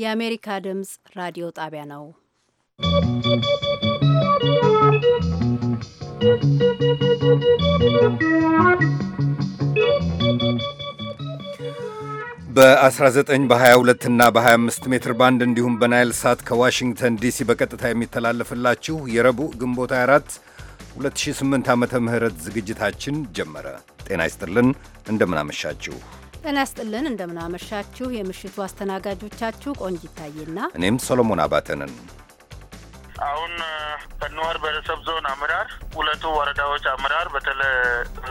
የአሜሪካ ድምፅ ራዲዮ ጣቢያ ነው። በ19 በ22 እና በ25 ሜትር ባንድ እንዲሁም በናይል ሳት ከዋሽንግተን ዲሲ በቀጥታ የሚተላለፍላችሁ የረቡዕ ግንቦት 24 2008 ዓመተ ምህረት ዝግጅታችን ጀመረ። ጤና ይስጥልን፣ እንደምናመሻችሁ ጤና እንደምናመሻችሁ። የምሽቱ አስተናጋጆቻችሁ ቆንጅ ይታየና እኔም ሰሎሞን አባተንን። አሁን በነዋር ብሔረሰብ ዞን አመራር ሁለቱ ወረዳዎች አመራር በተለይ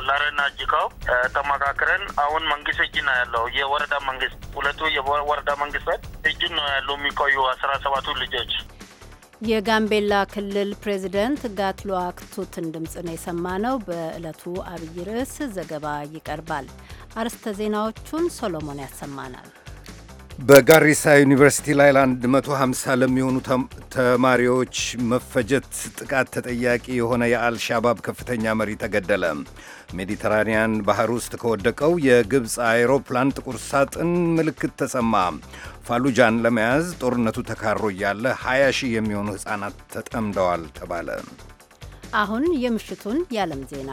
ላረና ጅካው ተመካክረን አሁን መንግስት እጅ ነው ያለው። የወረዳ መንግስት ሁለቱ የወረዳ መንግስታት እጅ ነው ያሉ የሚቆዩ አስራ ሰባቱ ልጆች የጋምቤላ ክልል ፕሬዚደንት ጋትሉዋክ ቱትን ድምፅ ነው ነው። በዕለቱ አብይ ርዕስ ዘገባ ይቀርባል። አርስተ ዜናዎቹን ሶሎሞን ያሰማናል። በጋሪሳ ዩኒቨርሲቲ ላይ ለ150 ለሚሆኑ ተማሪዎች መፈጀት ጥቃት ተጠያቂ የሆነ የአልሻባብ ከፍተኛ መሪ ተገደለ። ሜዲተራኒያን ባህር ውስጥ ከወደቀው የግብፅ አይሮፕላን ጥቁር ሳጥን ምልክት ተሰማ። ፋሉጃን ለመያዝ ጦርነቱ ተካሮ እያለ 20 ሺህ የሚሆኑ ሕፃናት ተጠምደዋል ተባለ። አሁን የምሽቱን የዓለም ዜና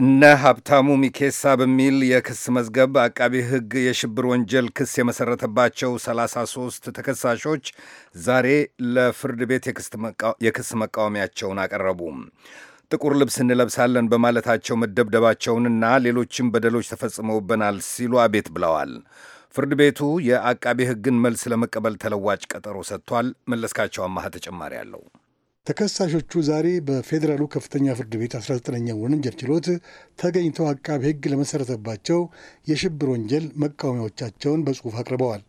እነ ሀብታሙ ሚኬሳ በሚል የክስ መዝገብ አቃቢ ሕግ የሽብር ወንጀል ክስ የመሰረተባቸው 33 ተከሳሾች ዛሬ ለፍርድ ቤት የክስ መቃወሚያቸውን አቀረቡ። ጥቁር ልብስ እንለብሳለን በማለታቸው መደብደባቸውንና ሌሎችም በደሎች ተፈጽመውብናል ሲሉ አቤት ብለዋል። ፍርድ ቤቱ የአቃቤ ሕግን መልስ ለመቀበል ተለዋጭ ቀጠሮ ሰጥቷል። መለስካቸው አማሃ ተጨማሪ አለው። ተከሳሾቹ ዛሬ በፌዴራሉ ከፍተኛ ፍርድ ቤት 19ኛ ወንጀል ችሎት ተገኝተው አቃቤ ሕግ ለመሰረተባቸው የሽብር ወንጀል መቃወሚያዎቻቸውን በጽሑፍ አቅርበዋል።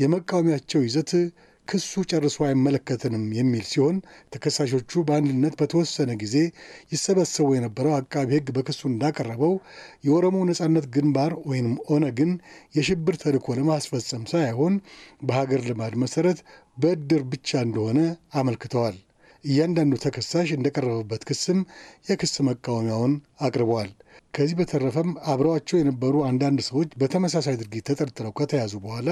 የመቃወሚያቸው ይዘት ክሱ ጨርሶ አይመለከትንም የሚል ሲሆን ተከሳሾቹ በአንድነት በተወሰነ ጊዜ ይሰበሰቡ የነበረው አቃቢ ሕግ በክሱ እንዳቀረበው የኦሮሞ ነጻነት ግንባር ወይም ኦነግን የሽብር ተልዕኮ ለማስፈጸም ሳይሆን በሀገር ልማድ መሰረት በእድር ብቻ እንደሆነ አመልክተዋል። እያንዳንዱ ተከሳሽ እንደቀረበበት ክስም የክስ መቃወሚያውን አቅርበዋል። ከዚህ በተረፈም አብረዋቸው የነበሩ አንዳንድ ሰዎች በተመሳሳይ ድርጊት ተጠርጥረው ከተያዙ በኋላ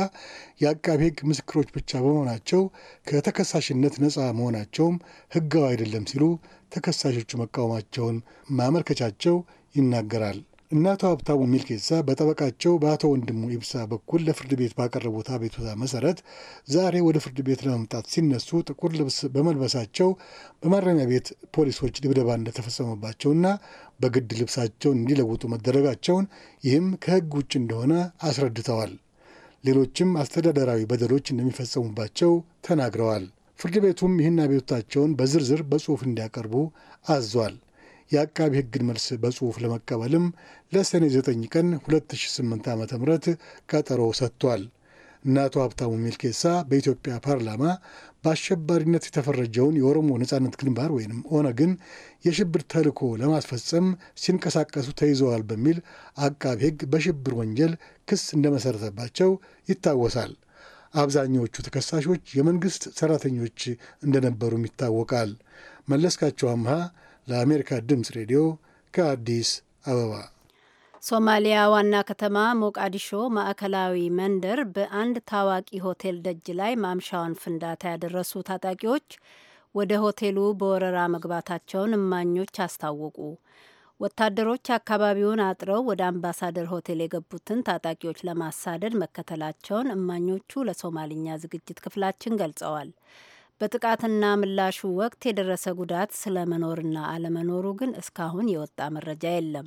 የአቃቢ ሕግ ምስክሮች ብቻ በመሆናቸው ከተከሳሽነት ነፃ መሆናቸውም ሕጋዊ አይደለም ሲሉ ተከሳሾቹ መቃወማቸውን ማመልከቻቸው ይናገራል። እነ አቶ ሀብታሙ ሚልኬሳ በጠበቃቸው በአቶ ወንድሙ ኢብሳ በኩል ለፍርድ ቤት ባቀረቡት አቤቱታ መሰረት ዛሬ ወደ ፍርድ ቤት ለመምጣት ሲነሱ ጥቁር ልብስ በመልበሳቸው በማረሚያ ቤት ፖሊሶች ድብደባ እንደተፈጸመባቸውና በግድ ልብሳቸውን እንዲለውጡ መደረጋቸውን ይህም ከሕግ ውጭ እንደሆነ አስረድተዋል። ሌሎችም አስተዳደራዊ በደሎች እንደሚፈጸሙባቸው ተናግረዋል። ፍርድ ቤቱም ይህን አቤቱታቸውን በዝርዝር በጽሑፍ እንዲያቀርቡ አዟል። የአቃቢ ሕግን መልስ በጽሁፍ ለመቀበልም ለሰኔ 9 ቀን 2008 ዓ ም ቀጠሮ ሰጥቷል። እነ አቶ ሀብታሙ ሚልኬሳ በኢትዮጵያ ፓርላማ በአሸባሪነት የተፈረጀውን የኦሮሞ ነጻነት ግንባር ወይም ኦነግን የሽብር ተልዕኮ ለማስፈጸም ሲንቀሳቀሱ ተይዘዋል በሚል አቃቢ ሕግ በሽብር ወንጀል ክስ እንደመሰረተባቸው ይታወሳል። አብዛኛዎቹ ተከሳሾች የመንግስት ሰራተኞች እንደነበሩም ይታወቃል። መለስካቸው አምሃ ለአሜሪካ ድምፅ ሬዲዮ ከአዲስ አበባ። ሶማሊያ ዋና ከተማ ሞቃዲሾ ማዕከላዊ መንደር በአንድ ታዋቂ ሆቴል ደጅ ላይ ማምሻውን ፍንዳታ ያደረሱ ታጣቂዎች ወደ ሆቴሉ በወረራ መግባታቸውን እማኞች አስታወቁ። ወታደሮች አካባቢውን አጥረው ወደ አምባሳደር ሆቴል የገቡትን ታጣቂዎች ለማሳደድ መከተላቸውን እማኞቹ ለሶማልኛ ዝግጅት ክፍላችን ገልጸዋል። በጥቃትና ምላሹ ወቅት የደረሰ ጉዳት ስለመኖርና አለመኖሩ ግን እስካሁን የወጣ መረጃ የለም።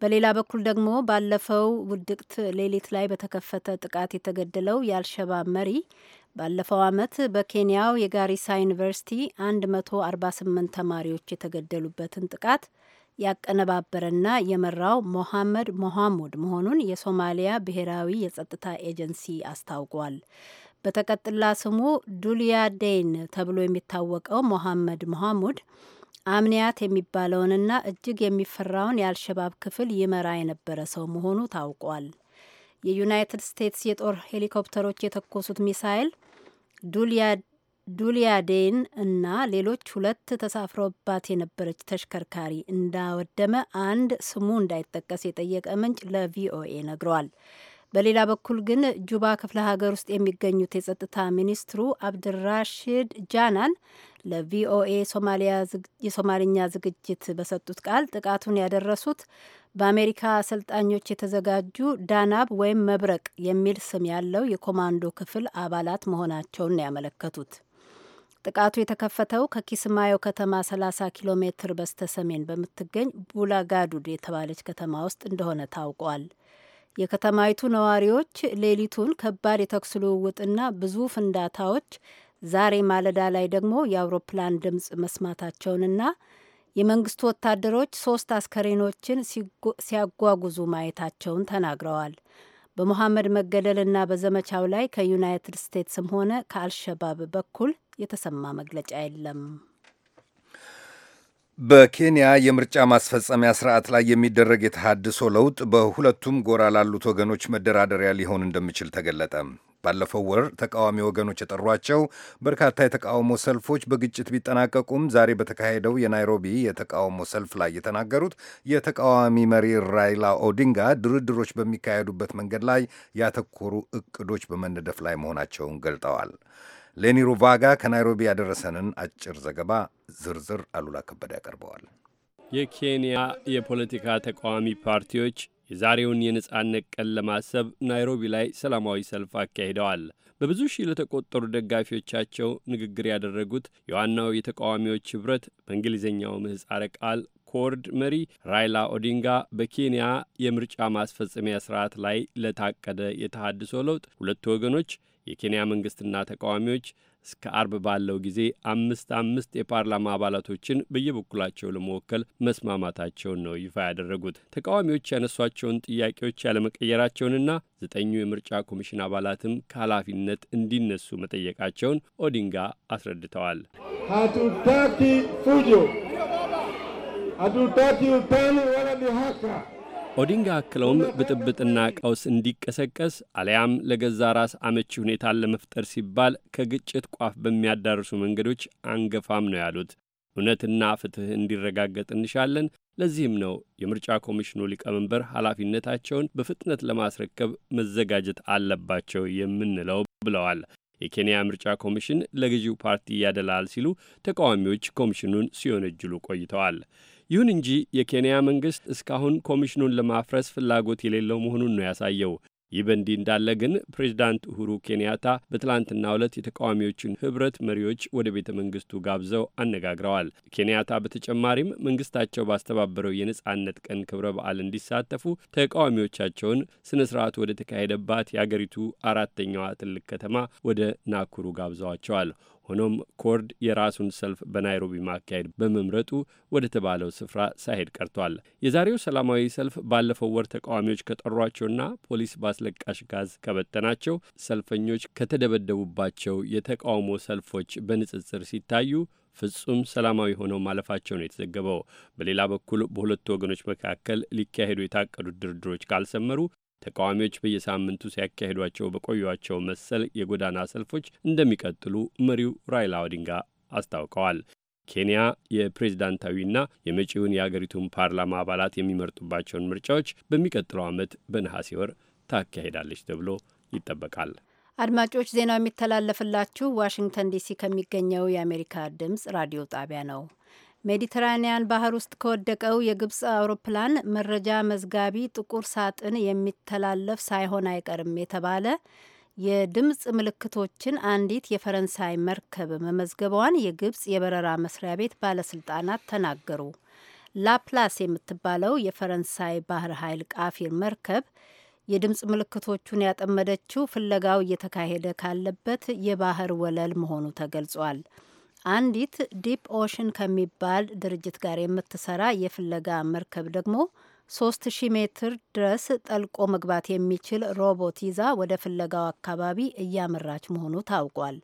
በሌላ በኩል ደግሞ ባለፈው ውድቅት ሌሊት ላይ በተከፈተ ጥቃት የተገደለው የአልሸባብ መሪ ባለፈው ዓመት በኬንያው የጋሪሳ ዩኒቨርሲቲ 148 ተማሪዎች የተገደሉበትን ጥቃት ያቀነባበረና የመራው ሞሐመድ ሞሐሙድ መሆኑን የሶማሊያ ብሔራዊ የጸጥታ ኤጀንሲ አስታውቋል። በተቀጥላ ስሙ ዱሊያ ዴይን ተብሎ የሚታወቀው ሞሐመድ መሐሙድ አምንያት የሚባለውንና እጅግ የሚፈራውን የአልሸባብ ክፍል ይመራ የነበረ ሰው መሆኑ ታውቋል። የዩናይትድ ስቴትስ የጦር ሄሊኮፕተሮች የተኮሱት ሚሳይል ዱልያዴን እና ሌሎች ሁለት ተሳፍረባት የነበረች ተሽከርካሪ እንዳወደመ አንድ ስሙ እንዳይጠቀስ የጠየቀ ምንጭ ለቪኦኤ ነግሯል። በሌላ በኩል ግን ጁባ ክፍለ ሀገር ውስጥ የሚገኙት የጸጥታ ሚኒስትሩ አብድራሽድ ጃናን ለቪኦኤ የሶማልኛ ዝግጅት በሰጡት ቃል ጥቃቱን ያደረሱት በአሜሪካ አሰልጣኞች የተዘጋጁ ዳናብ ወይም መብረቅ የሚል ስም ያለው የኮማንዶ ክፍል አባላት መሆናቸውን ያመለከቱት። ጥቃቱ የተከፈተው ከኪስማዮ ከተማ 30 ኪሎ ሜትር በስተ ሰሜን በምትገኝ ቡላጋዱድ የተባለች ከተማ ውስጥ እንደሆነ ታውቋል። የከተማይቱ ነዋሪዎች ሌሊቱን ከባድ የተኩስ ልውውጥና ብዙ ፍንዳታዎች፣ ዛሬ ማለዳ ላይ ደግሞ የአውሮፕላን ድምፅ መስማታቸውንና የመንግስቱ ወታደሮች ሶስት አስከሬኖችን ሲያጓጉዙ ማየታቸውን ተናግረዋል። በሞሐመድ መገደልና በዘመቻው ላይ ከዩናይትድ ስቴትስም ሆነ ከአልሸባብ በኩል የተሰማ መግለጫ የለም። በኬንያ የምርጫ ማስፈጸሚያ ስርዓት ላይ የሚደረግ የተሃድሶ ለውጥ በሁለቱም ጎራ ላሉት ወገኖች መደራደሪያ ሊሆን እንደሚችል ተገለጠ። ባለፈው ወር ተቃዋሚ ወገኖች የጠሯቸው በርካታ የተቃውሞ ሰልፎች በግጭት ቢጠናቀቁም ዛሬ በተካሄደው የናይሮቢ የተቃውሞ ሰልፍ ላይ የተናገሩት የተቃዋሚ መሪ ራይላ ኦዲንጋ ድርድሮች በሚካሄዱበት መንገድ ላይ ያተኮሩ እቅዶች በመነደፍ ላይ መሆናቸውን ገልጠዋል። ሌኒ ሩቫጋ ከናይሮቢ ያደረሰንን አጭር ዘገባ ዝርዝር አሉላ ከበደ ያቀርበዋል። የኬንያ የፖለቲካ ተቃዋሚ ፓርቲዎች የዛሬውን የነጻነት ቀን ለማሰብ ናይሮቢ ላይ ሰላማዊ ሰልፍ አካሂደዋል። በብዙ ሺህ ለተቆጠሩ ደጋፊዎቻቸው ንግግር ያደረጉት የዋናው የተቃዋሚዎች ኅብረት በእንግሊዝኛው ምህጻረ ቃል ኮርድ መሪ ራይላ ኦዲንጋ በኬንያ የምርጫ ማስፈጸሚያ ስርዓት ላይ ለታቀደ የተሃድሶ ለውጥ ሁለቱ ወገኖች የኬንያ መንግሥትና ተቃዋሚዎች እስከ አርብ ባለው ጊዜ አምስት አምስት የፓርላማ አባላቶችን በየበኩላቸው ለመወከል መስማማታቸውን ነው ይፋ ያደረጉት። ተቃዋሚዎች ያነሷቸውን ጥያቄዎች ያለመቀየራቸውንና ዘጠኙ የምርጫ ኮሚሽን አባላትም ከኃላፊነት እንዲነሱ መጠየቃቸውን ኦዲንጋ አስረድተዋል። hatutaki ፉጆ hatutaki ውታኒ wala dhihaka ኦዲንጋ አክለውም ብጥብጥና ቀውስ እንዲቀሰቀስ አሊያም ለገዛ ራስ አመቺ ሁኔታን ለመፍጠር ሲባል ከግጭት ቋፍ በሚያዳርሱ መንገዶች አንገፋም ነው ያሉት። እውነትና ፍትህ እንዲረጋገጥ እንሻለን። ለዚህም ነው የምርጫ ኮሚሽኑ ሊቀመንበር ኃላፊነታቸውን በፍጥነት ለማስረከብ መዘጋጀት አለባቸው የምንለው ብለዋል። የኬንያ ምርጫ ኮሚሽን ለገዢው ፓርቲ ያደላል ሲሉ ተቃዋሚዎች ኮሚሽኑን ሲወነጅሉ ቆይተዋል። ይሁን እንጂ የኬንያ መንግሥት እስካሁን ኮሚሽኑን ለማፍረስ ፍላጎት የሌለው መሆኑን ነው ያሳየው። ይህ በእንዲህ እንዳለ ግን ፕሬዚዳንት ኡሁሩ ኬንያታ በትላንትና ዕለት የተቃዋሚዎቹን ህብረት መሪዎች ወደ ቤተ መንግሥቱ ጋብዘው አነጋግረዋል። ኬንያታ በተጨማሪም መንግስታቸው ባስተባበረው የነጻነት ቀን ክብረ በዓል እንዲሳተፉ ተቃዋሚዎቻቸውን ስነ ሥርዓቱ ወደ ተካሄደባት የአገሪቱ አራተኛዋ ትልቅ ከተማ ወደ ናኩሩ ጋብዘዋቸዋል። ሆኖም ኮርድ የራሱን ሰልፍ በናይሮቢ ማካሄድ በመምረጡ ወደ ተባለው ስፍራ ሳይሄድ ቀርቷል። የዛሬው ሰላማዊ ሰልፍ ባለፈው ወር ተቃዋሚዎች ከጠሯቸውና ፖሊስ ባስለቃሽ ጋዝ ከበተናቸው ሰልፈኞች ከተደበደቡባቸው የተቃውሞ ሰልፎች በንጽጽር ሲታዩ ፍጹም ሰላማዊ ሆነው ማለፋቸው ነው የተዘገበው። በሌላ በኩል በሁለቱ ወገኖች መካከል ሊካሄዱ የታቀዱት ድርድሮች ካልሰመሩ ተቃዋሚዎች በየሳምንቱ ሲያካሂዷቸው በቆዩቸው መሰል የጎዳና ሰልፎች እንደሚቀጥሉ መሪው ራይላ ኦዲንጋ አስታውቀዋል። ኬንያ የፕሬዝዳንታዊና የመጪውን የአገሪቱን ፓርላማ አባላት የሚመርጡባቸውን ምርጫዎች በሚቀጥለው ዓመት በነሐሴ ወር ታካሂዳለች ተብሎ ይጠበቃል። አድማጮች ዜናው የሚተላለፍላችሁ ዋሽንግተን ዲሲ ከሚገኘው የአሜሪካ ድምፅ ራዲዮ ጣቢያ ነው። ሜዲትራኒያን ባህር ውስጥ ከወደቀው የግብፅ አውሮፕላን መረጃ መዝጋቢ ጥቁር ሳጥን የሚተላለፍ ሳይሆን አይቀርም የተባለ የድምፅ ምልክቶችን አንዲት የፈረንሳይ መርከብ መመዝገቧን የግብፅ የበረራ መስሪያ ቤት ባለስልጣናት ተናገሩ። ላፕላስ የምትባለው የፈረንሳይ ባህር ኃይል ቃፊር መርከብ የድምፅ ምልክቶቹን ያጠመደችው ፍለጋው እየተካሄደ ካለበት የባህር ወለል መሆኑ ተገልጿል። አንዲት ዲፕ ኦሽን ከሚባል ድርጅት ጋር የምትሰራ የፍለጋ መርከብ ደግሞ 3000 ሜትር ድረስ ጠልቆ መግባት የሚችል ሮቦት ይዛ ወደ ፍለጋው አካባቢ እያመራች መሆኑ ታውቋል።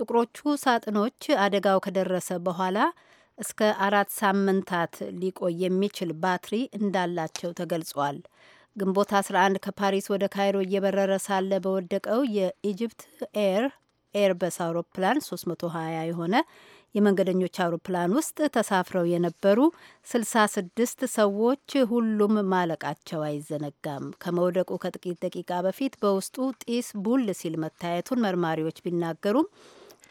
ጥቁሮቹ ሳጥኖች አደጋው ከደረሰ በኋላ እስከ አራት ሳምንታት ሊቆይ የሚችል ባትሪ እንዳላቸው ተገልጿል። ግንቦት 11 ከፓሪስ ወደ ካይሮ እየበረረ ሳለ በወደቀው የኢጅፕት ኤር ኤርበስ አውሮፕላን 320 የሆነ የመንገደኞች አውሮፕላን ውስጥ ተሳፍረው የነበሩ 66 ሰዎች ሁሉም ማለቃቸው አይዘነጋም። ከመውደቁ ከጥቂት ደቂቃ በፊት በውስጡ ጢስ ቡል ሲል መታየቱን መርማሪዎች ቢናገሩም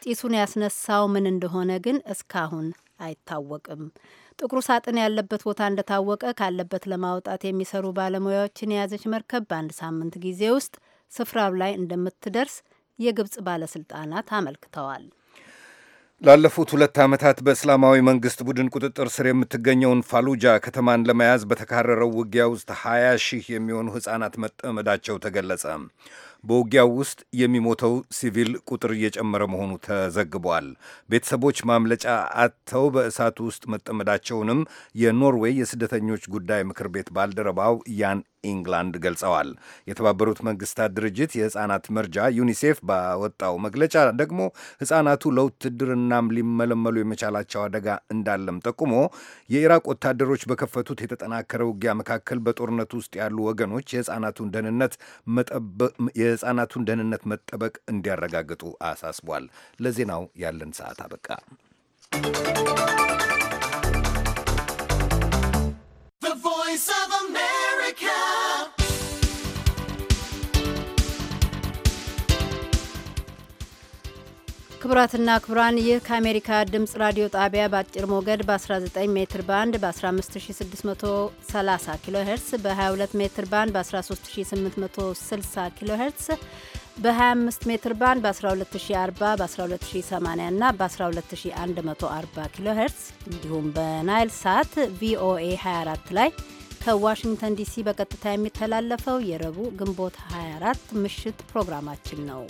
ጢሱን ያስነሳው ምን እንደሆነ ግን እስካሁን አይታወቅም። ጥቁሩ ሳጥን ያለበት ቦታ እንደታወቀ ካለበት ለማውጣት የሚሰሩ ባለሙያዎችን የያዘች መርከብ በአንድ ሳምንት ጊዜ ውስጥ ስፍራው ላይ እንደምትደርስ የግብጽ ባለስልጣናት አመልክተዋል። ላለፉት ሁለት ዓመታት በእስላማዊ መንግሥት ቡድን ቁጥጥር ስር የምትገኘውን ፋሉጃ ከተማን ለመያዝ በተካረረው ውጊያ ውስጥ 20 ሺህ የሚሆኑ ሕፃናት መጠመዳቸው ተገለጸ። በውጊያው ውስጥ የሚሞተው ሲቪል ቁጥር እየጨመረ መሆኑ ተዘግቧል። ቤተሰቦች ማምለጫ አጥተው በእሳቱ ውስጥ መጠመዳቸውንም የኖርዌይ የስደተኞች ጉዳይ ምክር ቤት ባልደረባው ያን ኢንግላንድ ገልጸዋል። የተባበሩት መንግስታት ድርጅት የህፃናት መርጃ ዩኒሴፍ ባወጣው መግለጫ ደግሞ ህፃናቱ ለውትድርናም ሊመለመሉ የመቻላቸው አደጋ እንዳለም ጠቁሞ የኢራቅ ወታደሮች በከፈቱት የተጠናከረ ውጊያ መካከል በጦርነቱ ውስጥ ያሉ ወገኖች የህፃናቱን ደህንነት የህፃናቱን ደህንነት መጠበቅ እንዲያረጋግጡ አሳስቧል። ለዜናው ያለን ሰዓት አበቃ። ክቡራትና ክቡራን ይህ ከአሜሪካ ድምጽ ራዲዮ ጣቢያ በአጭር ሞገድ በ19 ሜትር ባንድ በ15630 ኪሎ ሄርትስ በ22 ሜትር ባንድ በ13860 ኪሎ ሄርትስ በ25 ሜትር ባንድ በ 1240 በ 1280 እና በ12140 ኪሎ ሄርትስ እንዲሁም በናይል ሳት ቪኦኤ 24 ላይ ከዋሽንግተን ዲሲ በቀጥታ የሚተላለፈው የረቡዕ ግንቦት 24 ምሽት ፕሮግራማችን ነው።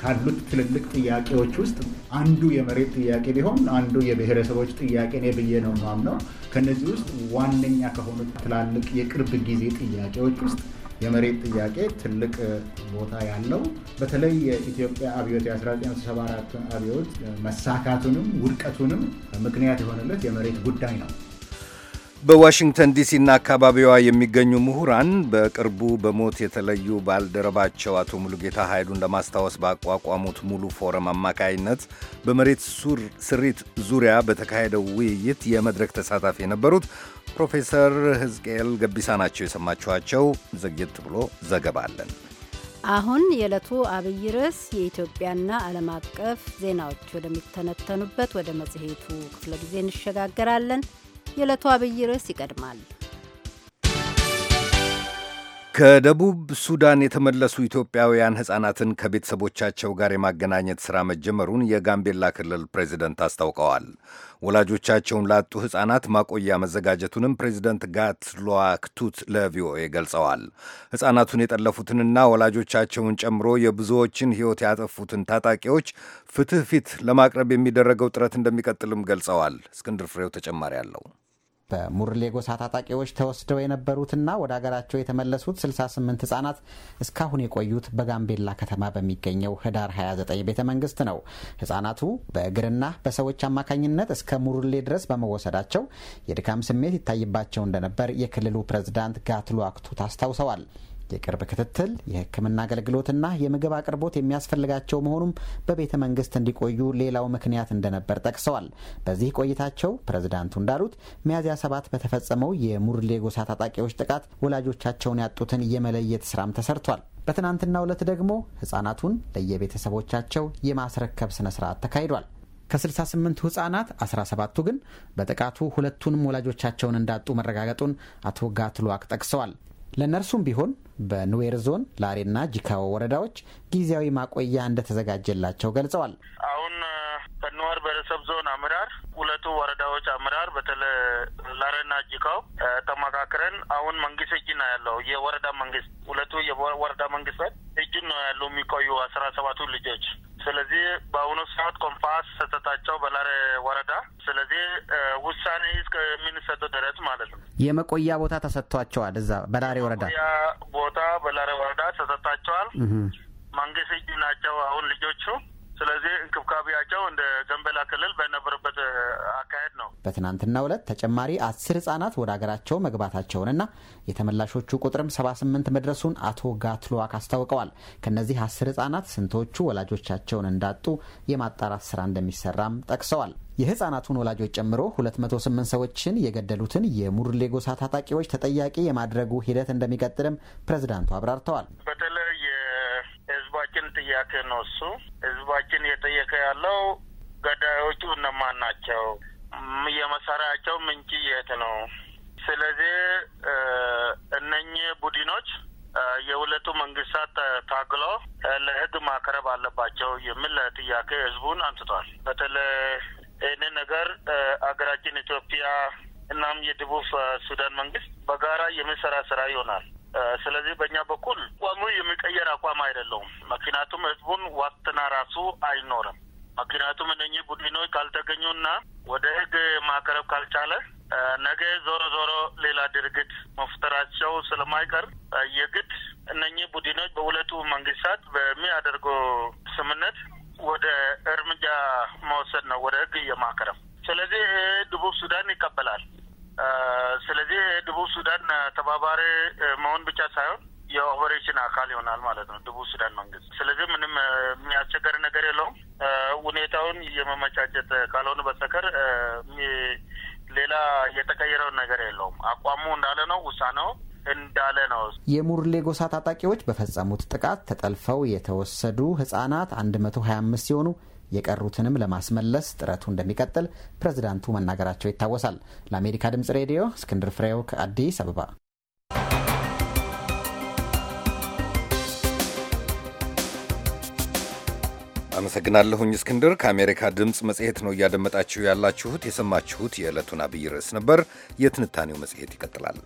ካሉት ትልልቅ ጥያቄዎች ውስጥ አንዱ የመሬት ጥያቄ ቢሆን አንዱ የብሔረሰቦች ጥያቄ ነው ብዬ ነው ማምነው። ከነዚህ ውስጥ ዋነኛ ከሆኑት ትላልቅ የቅርብ ጊዜ ጥያቄዎች ውስጥ የመሬት ጥያቄ ትልቅ ቦታ ያለው በተለይ የኢትዮጵያ አብዮት የ1974 አብዮት መሳካቱንም ውድቀቱንም ምክንያት የሆነለት የመሬት ጉዳይ ነው። በዋሽንግተን ዲሲና አካባቢዋ የሚገኙ ምሁራን በቅርቡ በሞት የተለዩ ባልደረባቸው አቶ ሙሉጌታ ኃይሉን ለማስታወስ ባቋቋሙት ሙሉ ፎረም አማካይነት በመሬት ስሪት ዙሪያ በተካሄደው ውይይት የመድረክ ተሳታፊ የነበሩት ፕሮፌሰር ህዝቅኤል ገቢሳ ናቸው የሰማችኋቸው። ዘግየት ብሎ ዘገባ አለን። አሁን የዕለቱ አብይ ርዕስ የኢትዮጵያና ዓለም አቀፍ ዜናዎች ወደሚተነተኑበት ወደ መጽሔቱ ክፍለ ጊዜ እንሸጋገራለን። የዕለቱ አብይ ርዕስ ይቀድማል። ከደቡብ ሱዳን የተመለሱ ኢትዮጵያውያን ሕፃናትን ከቤተሰቦቻቸው ጋር የማገናኘት ሥራ መጀመሩን የጋምቤላ ክልል ፕሬዚደንት አስታውቀዋል። ወላጆቻቸውን ላጡ ሕፃናት ማቆያ መዘጋጀቱንም ፕሬዚደንት ጋት ሉዋክቱት ለቪኦኤ ገልጸዋል። ሕፃናቱን የጠለፉትንና ወላጆቻቸውን ጨምሮ የብዙዎችን ሕይወት ያጠፉትን ታጣቂዎች ፍትሕ ፊት ለማቅረብ የሚደረገው ጥረት እንደሚቀጥልም ገልጸዋል። እስክንድር ፍሬው ተጨማሪ አለው። በሙርሌ ጎሳ ታጣቂዎች ተወስደው የነበሩትና ወደ አገራቸው የተመለሱት 68 ህጻናት እስካሁን የቆዩት በጋምቤላ ከተማ በሚገኘው ህዳር 29 ቤተ መንግስት ነው። ህጻናቱ በእግርና በሰዎች አማካኝነት እስከ ሙርሌ ድረስ በመወሰዳቸው የድካም ስሜት ይታይባቸው እንደነበር የክልሉ ፕሬዝዳንት ጋትሉ አክቱት አስታውሰዋል። የቅርብ ክትትል፣ የሕክምና አገልግሎትና የምግብ አቅርቦት የሚያስፈልጋቸው መሆኑም በቤተ መንግስት እንዲቆዩ ሌላው ምክንያት እንደነበር ጠቅሰዋል። በዚህ ቆይታቸው ፕሬዝዳንቱ እንዳሉት ሚያዝያ ሰባት በተፈጸመው የሙርሌ ጎሳ ታጣቂዎች ጥቃት ወላጆቻቸውን ያጡትን የመለየት ስራም ተሰርቷል። በትናንትና ዕለት ደግሞ ህጻናቱን ለየቤተሰቦቻቸው የማስረከብ ስነ ስርዓት ተካሂዷል። ከ68 ህጻናት 17ቱ ግን በጥቃቱ ሁለቱንም ወላጆቻቸውን እንዳጡ መረጋገጡን አቶ ጋትሉዋክ ጠቅሰዋል። ለእነርሱም ቢሆን በኑዌር ዞን ላሬና ጂካዎ ወረዳዎች ጊዜያዊ ማቆያ እንደተዘጋጀላቸው ገልጸዋል። አሁን ከኑዌር ብሔረሰብ ዞን አመራር ሁለቱ ወረዳዎች አመራር በተለይ ላሬና ጂካው ተመካክረን አሁን መንግስት እጅ ነው ያለው የወረዳ መንግስት ሁለቱ የወረዳ መንግስታት እጅ ነው ያለው የሚቆዩ አስራ ሰባቱ ልጆች ስለዚህ በአሁኑ ሰዓት ኮንፋስ ሰጠታቸው በላሬ ወረዳ። ስለዚህ ውሳኔ እስከሚንሰጡ ድረስ ማለት ነው። የመቆያ ቦታ ተሰጥቷቸዋል። እዛ በላሬ ወረዳ ቦታ በላሬ ወረዳ ተሰጥቷቸዋል። መንግስት እጅ ናቸው አሁን ልጆቹ ስለዚህ እንክብካቤያቸው እንደ ገንበላ ክልል በነበረበት አካሄድ ነው። በትናንትናው ዕለት ተጨማሪ አስር ህጻናት ወደ አገራቸው መግባታቸውንና የተመላሾቹ ቁጥርም ሰባ ስምንት መድረሱን አቶ ጋትሎዋክ አስታውቀዋል። ከእነዚህ አስር ህጻናት ስንቶቹ ወላጆቻቸውን እንዳጡ የማጣራት ስራ እንደሚሰራም ጠቅሰዋል። የህጻናቱን ወላጆች ጨምሮ 208 ሰዎችን የገደሉትን የሙርሌ ጎሳ ታጣቂዎች ተጠያቂ የማድረጉ ሂደት እንደሚቀጥልም ፕሬዝዳንቱ አብራርተዋል። ጥያቄ ነው። እሱ ህዝባችን እየጠየቀ ያለው ገዳዮቹ እነማን ናቸው? የመሳሪያቸው ምንጭ የት ነው? ስለዚህ እነኚህ ቡድኖች የሁለቱ መንግስታት ታግሎ ለህግ ማቅረብ አለባቸው የሚል ጥያቄ ህዝቡን አንስቷል። በተለይ ይህን ነገር አገራችን ኢትዮጵያ እናም የደቡብ ሱዳን መንግስት በጋራ የሚሰራ ስራ ይሆናል። ስለዚህ በእኛ በኩል አቋሙ የሚቀየር አቋም አይደለውም። ምክንያቱም ህዝቡን ዋስትና ራሱ አይኖርም። ምክንያቱም እነኚህ ቡድኖች ካልተገኙና ወደ ህግ ማቅረብ ካልቻለ ነገ ዞሮ ዞሮ ሌላ ድርግት መፍጠራቸው ስለማይቀር የግድ እነኚህ ቡድኖች በሁለቱ መንግስታት በሚያደርገው ስምነት ወደ እርምጃ መውሰድ ነው፣ ወደ ህግ የማቅረብ ስለዚህ ድቡብ ደቡብ ሱዳን ይቀበላል። ስለዚህ ደቡብ ሱዳን ተባባሪ መሆን ብቻ ሳይሆን የኦፐሬሽን አካል ይሆናል ማለት ነው ደቡብ ሱዳን መንግስት። ስለዚህ ምንም የሚያስቸገር ነገር የለውም። ሁኔታውን የመመቻቸት ካልሆነ በስተቀር ሌላ የተቀየረው ነገር የለውም። አቋሙ እንዳለ ነው፣ ውሳኔው እንዳለ ነው። የሙርሌ ጎሳ ታጣቂዎች በፈጸሙት ጥቃት ተጠልፈው የተወሰዱ ህጻናት 125 ሲሆኑ የቀሩትንም ለማስመለስ ጥረቱ እንደሚቀጥል ፕሬዝዳንቱ መናገራቸው ይታወሳል። ለአሜሪካ ድምጽ ሬዲዮ እስክንድር ፍሬው ከአዲስ አበባ። አመሰግናለሁኝ እስክንድር። ከአሜሪካ ድምፅ መጽሔት ነው እያደመጣችሁ ያላችሁት። የሰማችሁት የዕለቱን አብይ ርዕስ ነበር። የትንታኔው መጽሔት ይቀጥላል።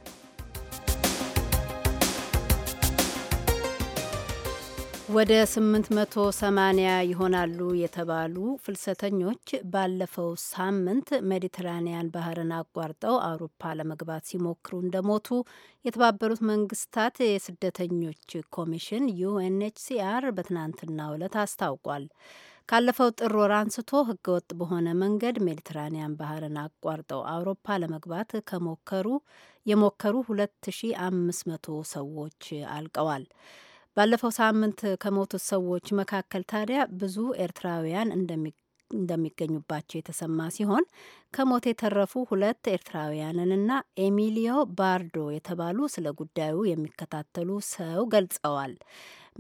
ወደ 880 ይሆናሉ የተባሉ ፍልሰተኞች ባለፈው ሳምንት ሜዲትራኒያን ባህርን አቋርጠው አውሮፓ ለመግባት ሲሞክሩ እንደሞቱ የተባበሩት መንግስታት የስደተኞች ኮሚሽን ዩኤንኤችሲአር በትናንትናው ዕለት አስታውቋል። ካለፈው ጥር ወር አንስቶ ህገወጥ በሆነ መንገድ ሜዲትራኒያን ባህርን አቋርጠው አውሮፓ ለመግባት ከሞከሩ የሞከሩ 2500 ሰዎች አልቀዋል። ባለፈው ሳምንት ከሞቱት ሰዎች መካከል ታዲያ ብዙ ኤርትራውያን እንደሚገኙባቸው የተሰማ ሲሆን ከሞት የተረፉ ሁለት ኤርትራውያንንና ኤሚሊዮ ባርዶ የተባሉ ስለ ጉዳዩ የሚከታተሉ ሰው ገልጸዋል።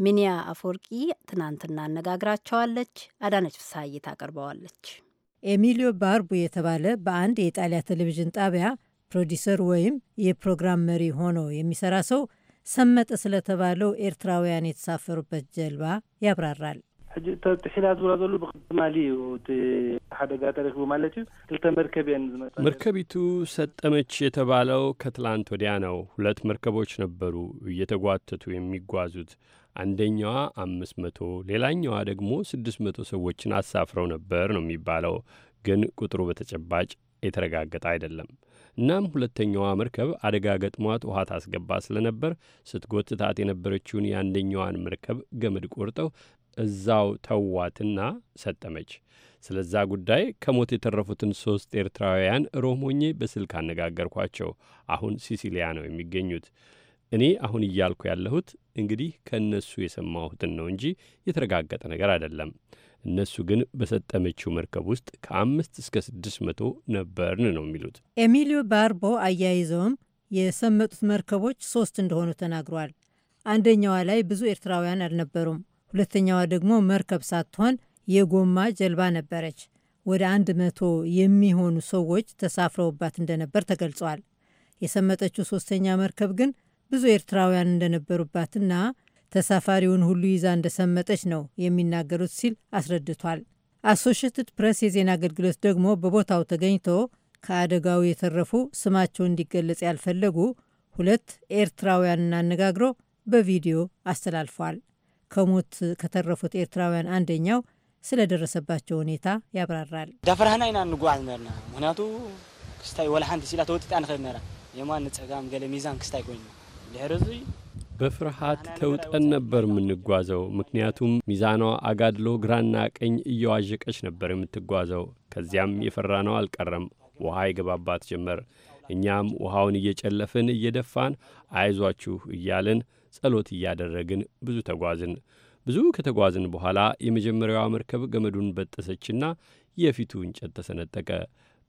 ሚኒያ አፈወርቂ ትናንትና አነጋግራቸዋለች። አዳነች ፍሳይ ታቀርበዋለች። ኤሚሊዮ ባርቡ የተባለ በአንድ የኢጣሊያ ቴሌቪዥን ጣቢያ ፕሮዲሰር ወይም የፕሮግራም መሪ ሆኖ የሚሰራ ሰው ሰመጠ ስለተባለው ኤርትራውያን የተሳፈሩበት ጀልባ ያብራራል። ሕጂ ተጥሒላ ዝብላ ዘሎ ብቅድማሊ እዩ እቲ ሓደጋ ተረኪቡ ማለት እዩ ክልተ መርከብ እየን ዝመጣ መርከቢቱ ሰጠመች የተባለው ከትላንት ወዲያ ነው። ሁለት መርከቦች ነበሩ እየተጓተቱ የሚጓዙት። አንደኛዋ አምስት መቶ ሌላኛዋ ደግሞ ስድስት መቶ ሰዎችን አሳፍረው ነበር ነው የሚባለው። ግን ቁጥሩ በተጨባጭ የተረጋገጠ አይደለም። እናም ሁለተኛዋ መርከብ አደጋ ገጥሟት ውሃ ታስገባ ስለነበር ስትጎትታት የነበረችውን የአንደኛዋን መርከብ ገመድ ቆርጠው እዛው ተዋትና ሰጠመች። ስለዛ ጉዳይ ከሞት የተረፉትን ሦስት ኤርትራውያን ሮሞኜ በስልክ አነጋገርኳቸው። አሁን ሲሲሊያ ነው የሚገኙት። እኔ አሁን እያልኩ ያለሁት እንግዲህ ከእነሱ የሰማሁትን ነው እንጂ የተረጋገጠ ነገር አይደለም። እነሱ ግን በሰጠመችው መርከብ ውስጥ ከአምስት እስከ ስድስት መቶ ነበርን ነው የሚሉት። ኤሚሊዮ ባርቦ አያይዘውም የሰመጡት መርከቦች ሶስት እንደሆኑ ተናግሯል። አንደኛዋ ላይ ብዙ ኤርትራውያን አልነበሩም። ሁለተኛዋ ደግሞ መርከብ ሳትሆን የጎማ ጀልባ ነበረች። ወደ አንድ መቶ የሚሆኑ ሰዎች ተሳፍረውባት እንደነበር ተገልጿል። የሰመጠችው ሶስተኛ መርከብ ግን ብዙ ኤርትራውያን እንደነበሩባትና ተሳፋሪውን ሁሉ ይዛ እንደሰመጠች ነው የሚናገሩት ሲል አስረድቷል። አሶሽትድ ፕሬስ የዜና አገልግሎት ደግሞ በቦታው ተገኝቶ ከአደጋው የተረፉ ስማቸው እንዲገለጽ ያልፈለጉ ሁለት ኤርትራውያንን አነጋግሮ በቪዲዮ አስተላልፏል። ከሞት ከተረፉት ኤርትራውያን አንደኛው ስለደረሰባቸው ሁኔታ ያብራራል። ዳፈራህና ኢና እንጓዓዝ ነርና ምክንያቱ ክስታይ ወላ ሓንቲ ሲላ ተወጢጣ ንክእል ነራ የማን ፀጋም ገለ ሚዛን ክስታይ ኮይኑ ድሕሪ በፍርሃት ተውጠን ነበር የምንጓዘው። ምክንያቱም ሚዛኗ አጋድሎ ግራና ቀኝ እየዋዠቀች ነበር የምትጓዘው። ከዚያም የፈራነው አልቀረም፣ ውሃ ይገባባት ጀመር። እኛም ውሃውን እየጨለፍን እየደፋን፣ አይዟችሁ እያልን ጸሎት እያደረግን ብዙ ተጓዝን። ብዙ ከተጓዝን በኋላ የመጀመሪያዋ መርከብ ገመዱን በጠሰችና የፊቱ እንጨት ተሰነጠቀ።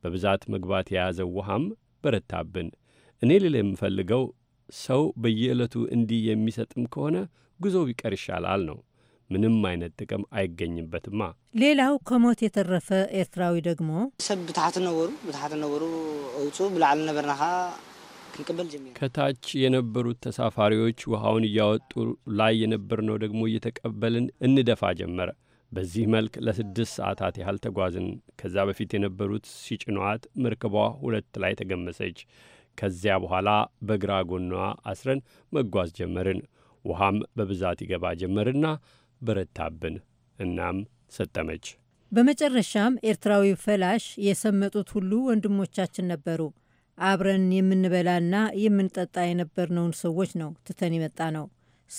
በብዛት መግባት የያዘው ውሃም በረታብን። እኔ ልል የምፈልገው ሰው በየዕለቱ እንዲህ የሚሰጥም ከሆነ ጉዞ ቢቀር ይሻላል ነው። ምንም አይነት ጥቅም አይገኝበትማ። ሌላው ከሞት የተረፈ ኤርትራዊ ደግሞ ሰብ ብታሕቲ ነበሩ ብታሕቲ ነበሩ እውፁ ብላዕሊ ነበርናኻ ክንቅበል ጀሚር ከታች የነበሩት ተሳፋሪዎች ውሃውን እያወጡ ላይ የነበርነው ደግሞ እየተቀበልን እንደፋ ጀመረ። በዚህ መልክ ለስድስት ሰዓታት ያህል ተጓዝን። ከዛ በፊት የነበሩት ሲጭኗት መርከቧ ሁለት ላይ ተገመሰች። ከዚያ በኋላ በግራ ጎኗ አስረን መጓዝ ጀመርን። ውሃም በብዛት ይገባ ጀመርና በረታብን። እናም ሰጠመች። በመጨረሻም ኤርትራዊ ፈላሽ የሰመጡት ሁሉ ወንድሞቻችን ነበሩ። አብረን የምንበላና የምንጠጣ የነበርነውን ሰዎች ነው ትተን የመጣ ነው።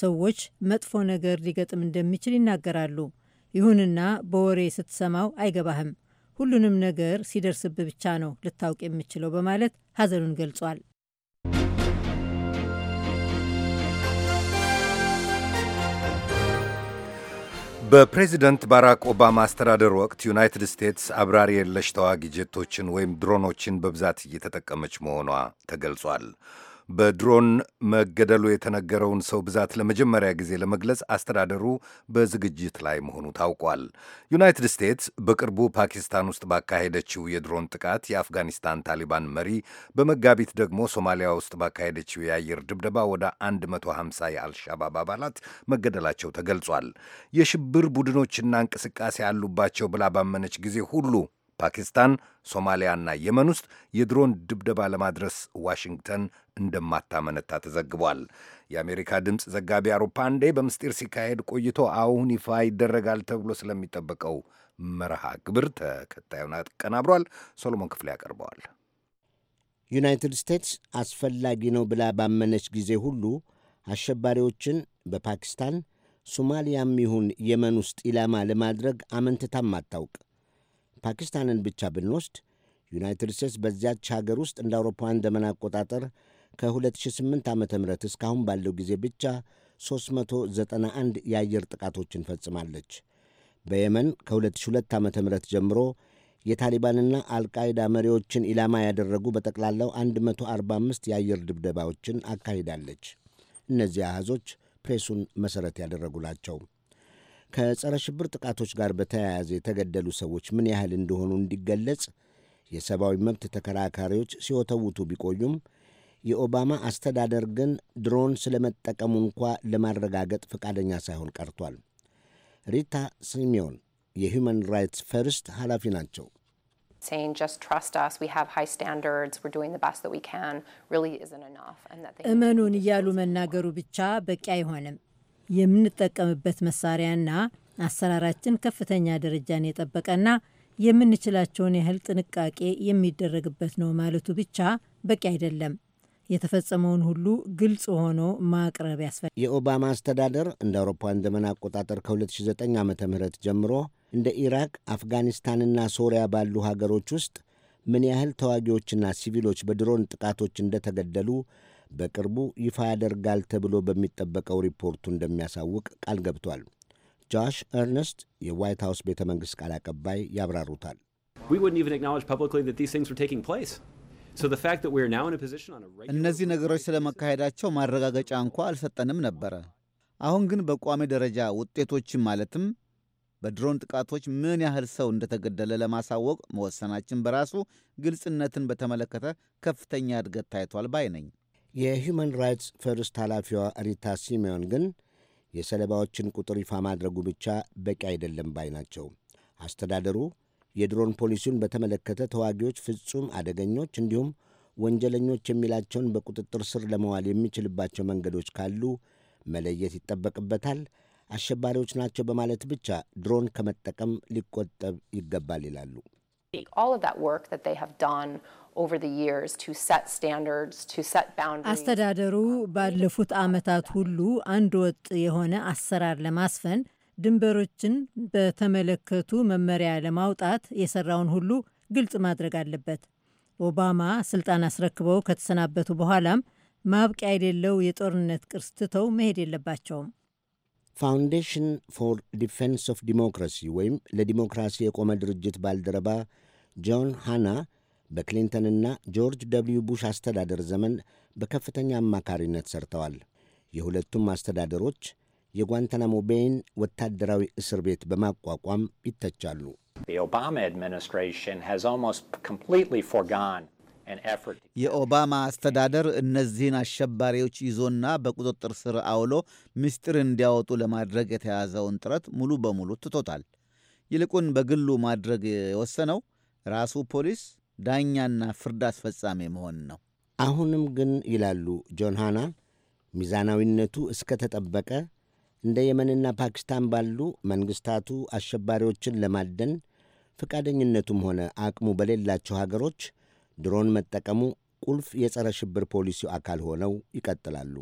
ሰዎች መጥፎ ነገር ሊገጥም እንደሚችል ይናገራሉ። ይሁንና በወሬ ስትሰማው አይገባህም። ሁሉንም ነገር ሲደርስብህ ብቻ ነው ልታውቅ የምችለው በማለት ሐዘኑን ገልጿል። በፕሬዚደንት ባራክ ኦባማ አስተዳደር ወቅት ዩናይትድ ስቴትስ አብራሪ የለሽ ተዋጊ ጀቶችን ወይም ድሮኖችን በብዛት እየተጠቀመች መሆኗ ተገልጿል። በድሮን መገደሉ የተነገረውን ሰው ብዛት ለመጀመሪያ ጊዜ ለመግለጽ አስተዳደሩ በዝግጅት ላይ መሆኑ ታውቋል። ዩናይትድ ስቴትስ በቅርቡ ፓኪስታን ውስጥ ባካሄደችው የድሮን ጥቃት የአፍጋኒስታን ታሊባን መሪ፣ በመጋቢት ደግሞ ሶማሊያ ውስጥ ባካሄደችው የአየር ድብደባ ወደ 150 የአልሻባብ አባላት መገደላቸው ተገልጿል። የሽብር ቡድኖችና እንቅስቃሴ አሉባቸው ብላ ባመነች ጊዜ ሁሉ ፓኪስታን፣ ሶማሊያና የመን ውስጥ የድሮን ድብደባ ለማድረስ ዋሽንግተን እንደማታመነታ ተዘግቧል። የአሜሪካ ድምፅ ዘጋቢ አውሮፓንዴ በምስጢር ሲካሄድ ቆይቶ አሁን ይፋ ይደረጋል ተብሎ ስለሚጠበቀው መርሃ ግብር ተከታዩን አቀናብሯል። ሶሎሞን ክፍሌ ያቀርበዋል። ዩናይትድ ስቴትስ አስፈላጊ ነው ብላ ባመነች ጊዜ ሁሉ አሸባሪዎችን በፓኪስታን ሶማሊያም ይሁን የመን ውስጥ ኢላማ ለማድረግ አመንትታም አታውቅ። ፓኪስታንን ብቻ ብንወስድ ዩናይትድ ስቴትስ በዚያች ሀገር ውስጥ እንደ አውሮፓውያን ዘመን አቆጣጠር ከ2008 ዓ ም እስካሁን ባለው ጊዜ ብቻ 391 የአየር ጥቃቶችን ፈጽማለች። በየመን ከ2002 ዓ ም ጀምሮ የታሊባንና አልቃይዳ መሪዎችን ኢላማ ያደረጉ በጠቅላላው 145 የአየር ድብደባዎችን አካሂዳለች። እነዚህ አሃዞች ፕሬሱን መሠረት ያደረጉ ናቸው። ከጸረ ሽብር ጥቃቶች ጋር በተያያዘ የተገደሉ ሰዎች ምን ያህል እንደሆኑ እንዲገለጽ የሰብአዊ መብት ተከራካሪዎች ሲወተውቱ ቢቆዩም የኦባማ አስተዳደር ግን ድሮን ስለመጠቀሙ እንኳ ለማረጋገጥ ፈቃደኛ ሳይሆን ቀርቷል። ሪታ ሲሚዮን የሁማን ራይትስ ፈርስት ኃላፊ ናቸው። እመኑን እያሉ መናገሩ ብቻ በቂ አይሆንም። የምንጠቀምበት መሳሪያና አሰራራችን ከፍተኛ ደረጃን የጠበቀና የምንችላቸውን ያህል ጥንቃቄ የሚደረግበት ነው ማለቱ ብቻ በቂ አይደለም። የተፈጸመውን ሁሉ ግልጽ ሆኖ ማቅረብ ያስፈልጋል። የኦባማ አስተዳደር እንደ አውሮፓውያን ዘመን አቆጣጠር ከ2009 ዓ ም ጀምሮ እንደ ኢራቅ፣ አፍጋኒስታንና ሶሪያ ባሉ ሀገሮች ውስጥ ምን ያህል ተዋጊዎችና ሲቪሎች በድሮን ጥቃቶች እንደተገደሉ በቅርቡ ይፋ ያደርጋል ተብሎ በሚጠበቀው ሪፖርቱ እንደሚያሳውቅ ቃል ገብቷል። ጆሽ ኤርነስት የዋይት ሀውስ ቤተ መንግሥት ቃል አቀባይ ያብራሩታል። እነዚህ ነገሮች ስለመካሄዳቸው ማረጋገጫ እንኳ አልሰጠንም ነበረ። አሁን ግን በቋሚ ደረጃ ውጤቶችን ማለትም በድሮን ጥቃቶች ምን ያህል ሰው እንደተገደለ ለማሳወቅ መወሰናችን በራሱ ግልጽነትን በተመለከተ ከፍተኛ እድገት ታይቷል ባይ ነኝ። የሁማን ራይትስ ፈርስት ኃላፊዋ ሪታ ሲሚዮን ግን የሰለባዎችን ቁጥር ይፋ ማድረጉ ብቻ በቂ አይደለም ባይ ናቸው። አስተዳደሩ የድሮን ፖሊሲውን በተመለከተ ተዋጊዎች ፍጹም አደገኞች፣ እንዲሁም ወንጀለኞች የሚላቸውን በቁጥጥር ስር ለመዋል የሚችልባቸው መንገዶች ካሉ መለየት ይጠበቅበታል። አሸባሪዎች ናቸው በማለት ብቻ ድሮን ከመጠቀም ሊቆጠብ ይገባል ይላሉ። አስተዳደሩ ባለፉት ዓመታት ሁሉ አንድ ወጥ የሆነ አሰራር ለማስፈን ድንበሮችን በተመለከቱ መመሪያ ለማውጣት የሰራውን ሁሉ ግልጽ ማድረግ አለበት። ኦባማ ስልጣን አስረክበው ከተሰናበቱ በኋላም ማብቂያ የሌለው የጦርነት ቅርስ ትተው መሄድ የለባቸውም። ፋውንዴሽን ፎር ዲፌንስ ኦፍ ዲሞክራሲ ወይም ለዲሞክራሲ የቆመ ድርጅት ባልደረባ ጆን ሃና በክሊንተንና ጆርጅ ደብሊዩ ቡሽ አስተዳደር ዘመን በከፍተኛ አማካሪነት ሠርተዋል። የሁለቱም አስተዳደሮች የጓንታናሞ ቤይን ወታደራዊ እስር ቤት በማቋቋም ይተቻሉ። የኦባማ አስተዳደር እነዚህን አሸባሪዎች ይዞና በቁጥጥር ስር አውሎ ምስጢር እንዲያወጡ ለማድረግ የተያዘውን ጥረት ሙሉ በሙሉ ትቶታል። ይልቁን በግሉ ማድረግ የወሰነው ራሱ ፖሊስ ዳኛና ፍርድ አስፈጻሚ መሆን ነው። አሁንም ግን ይላሉ ጆን ሃና፣ ሚዛናዊነቱ ተጠበቀ እንደ የመንና ፓኪስታን ባሉ መንግሥታቱ አሸባሪዎችን ለማደን ፈቃደኝነቱም ሆነ አቅሙ በሌላቸው ሀገሮች ድሮን መጠቀሙ ቁልፍ የጸረ ሽብር ፖሊሲው አካል ሆነው ይቀጥላሉ።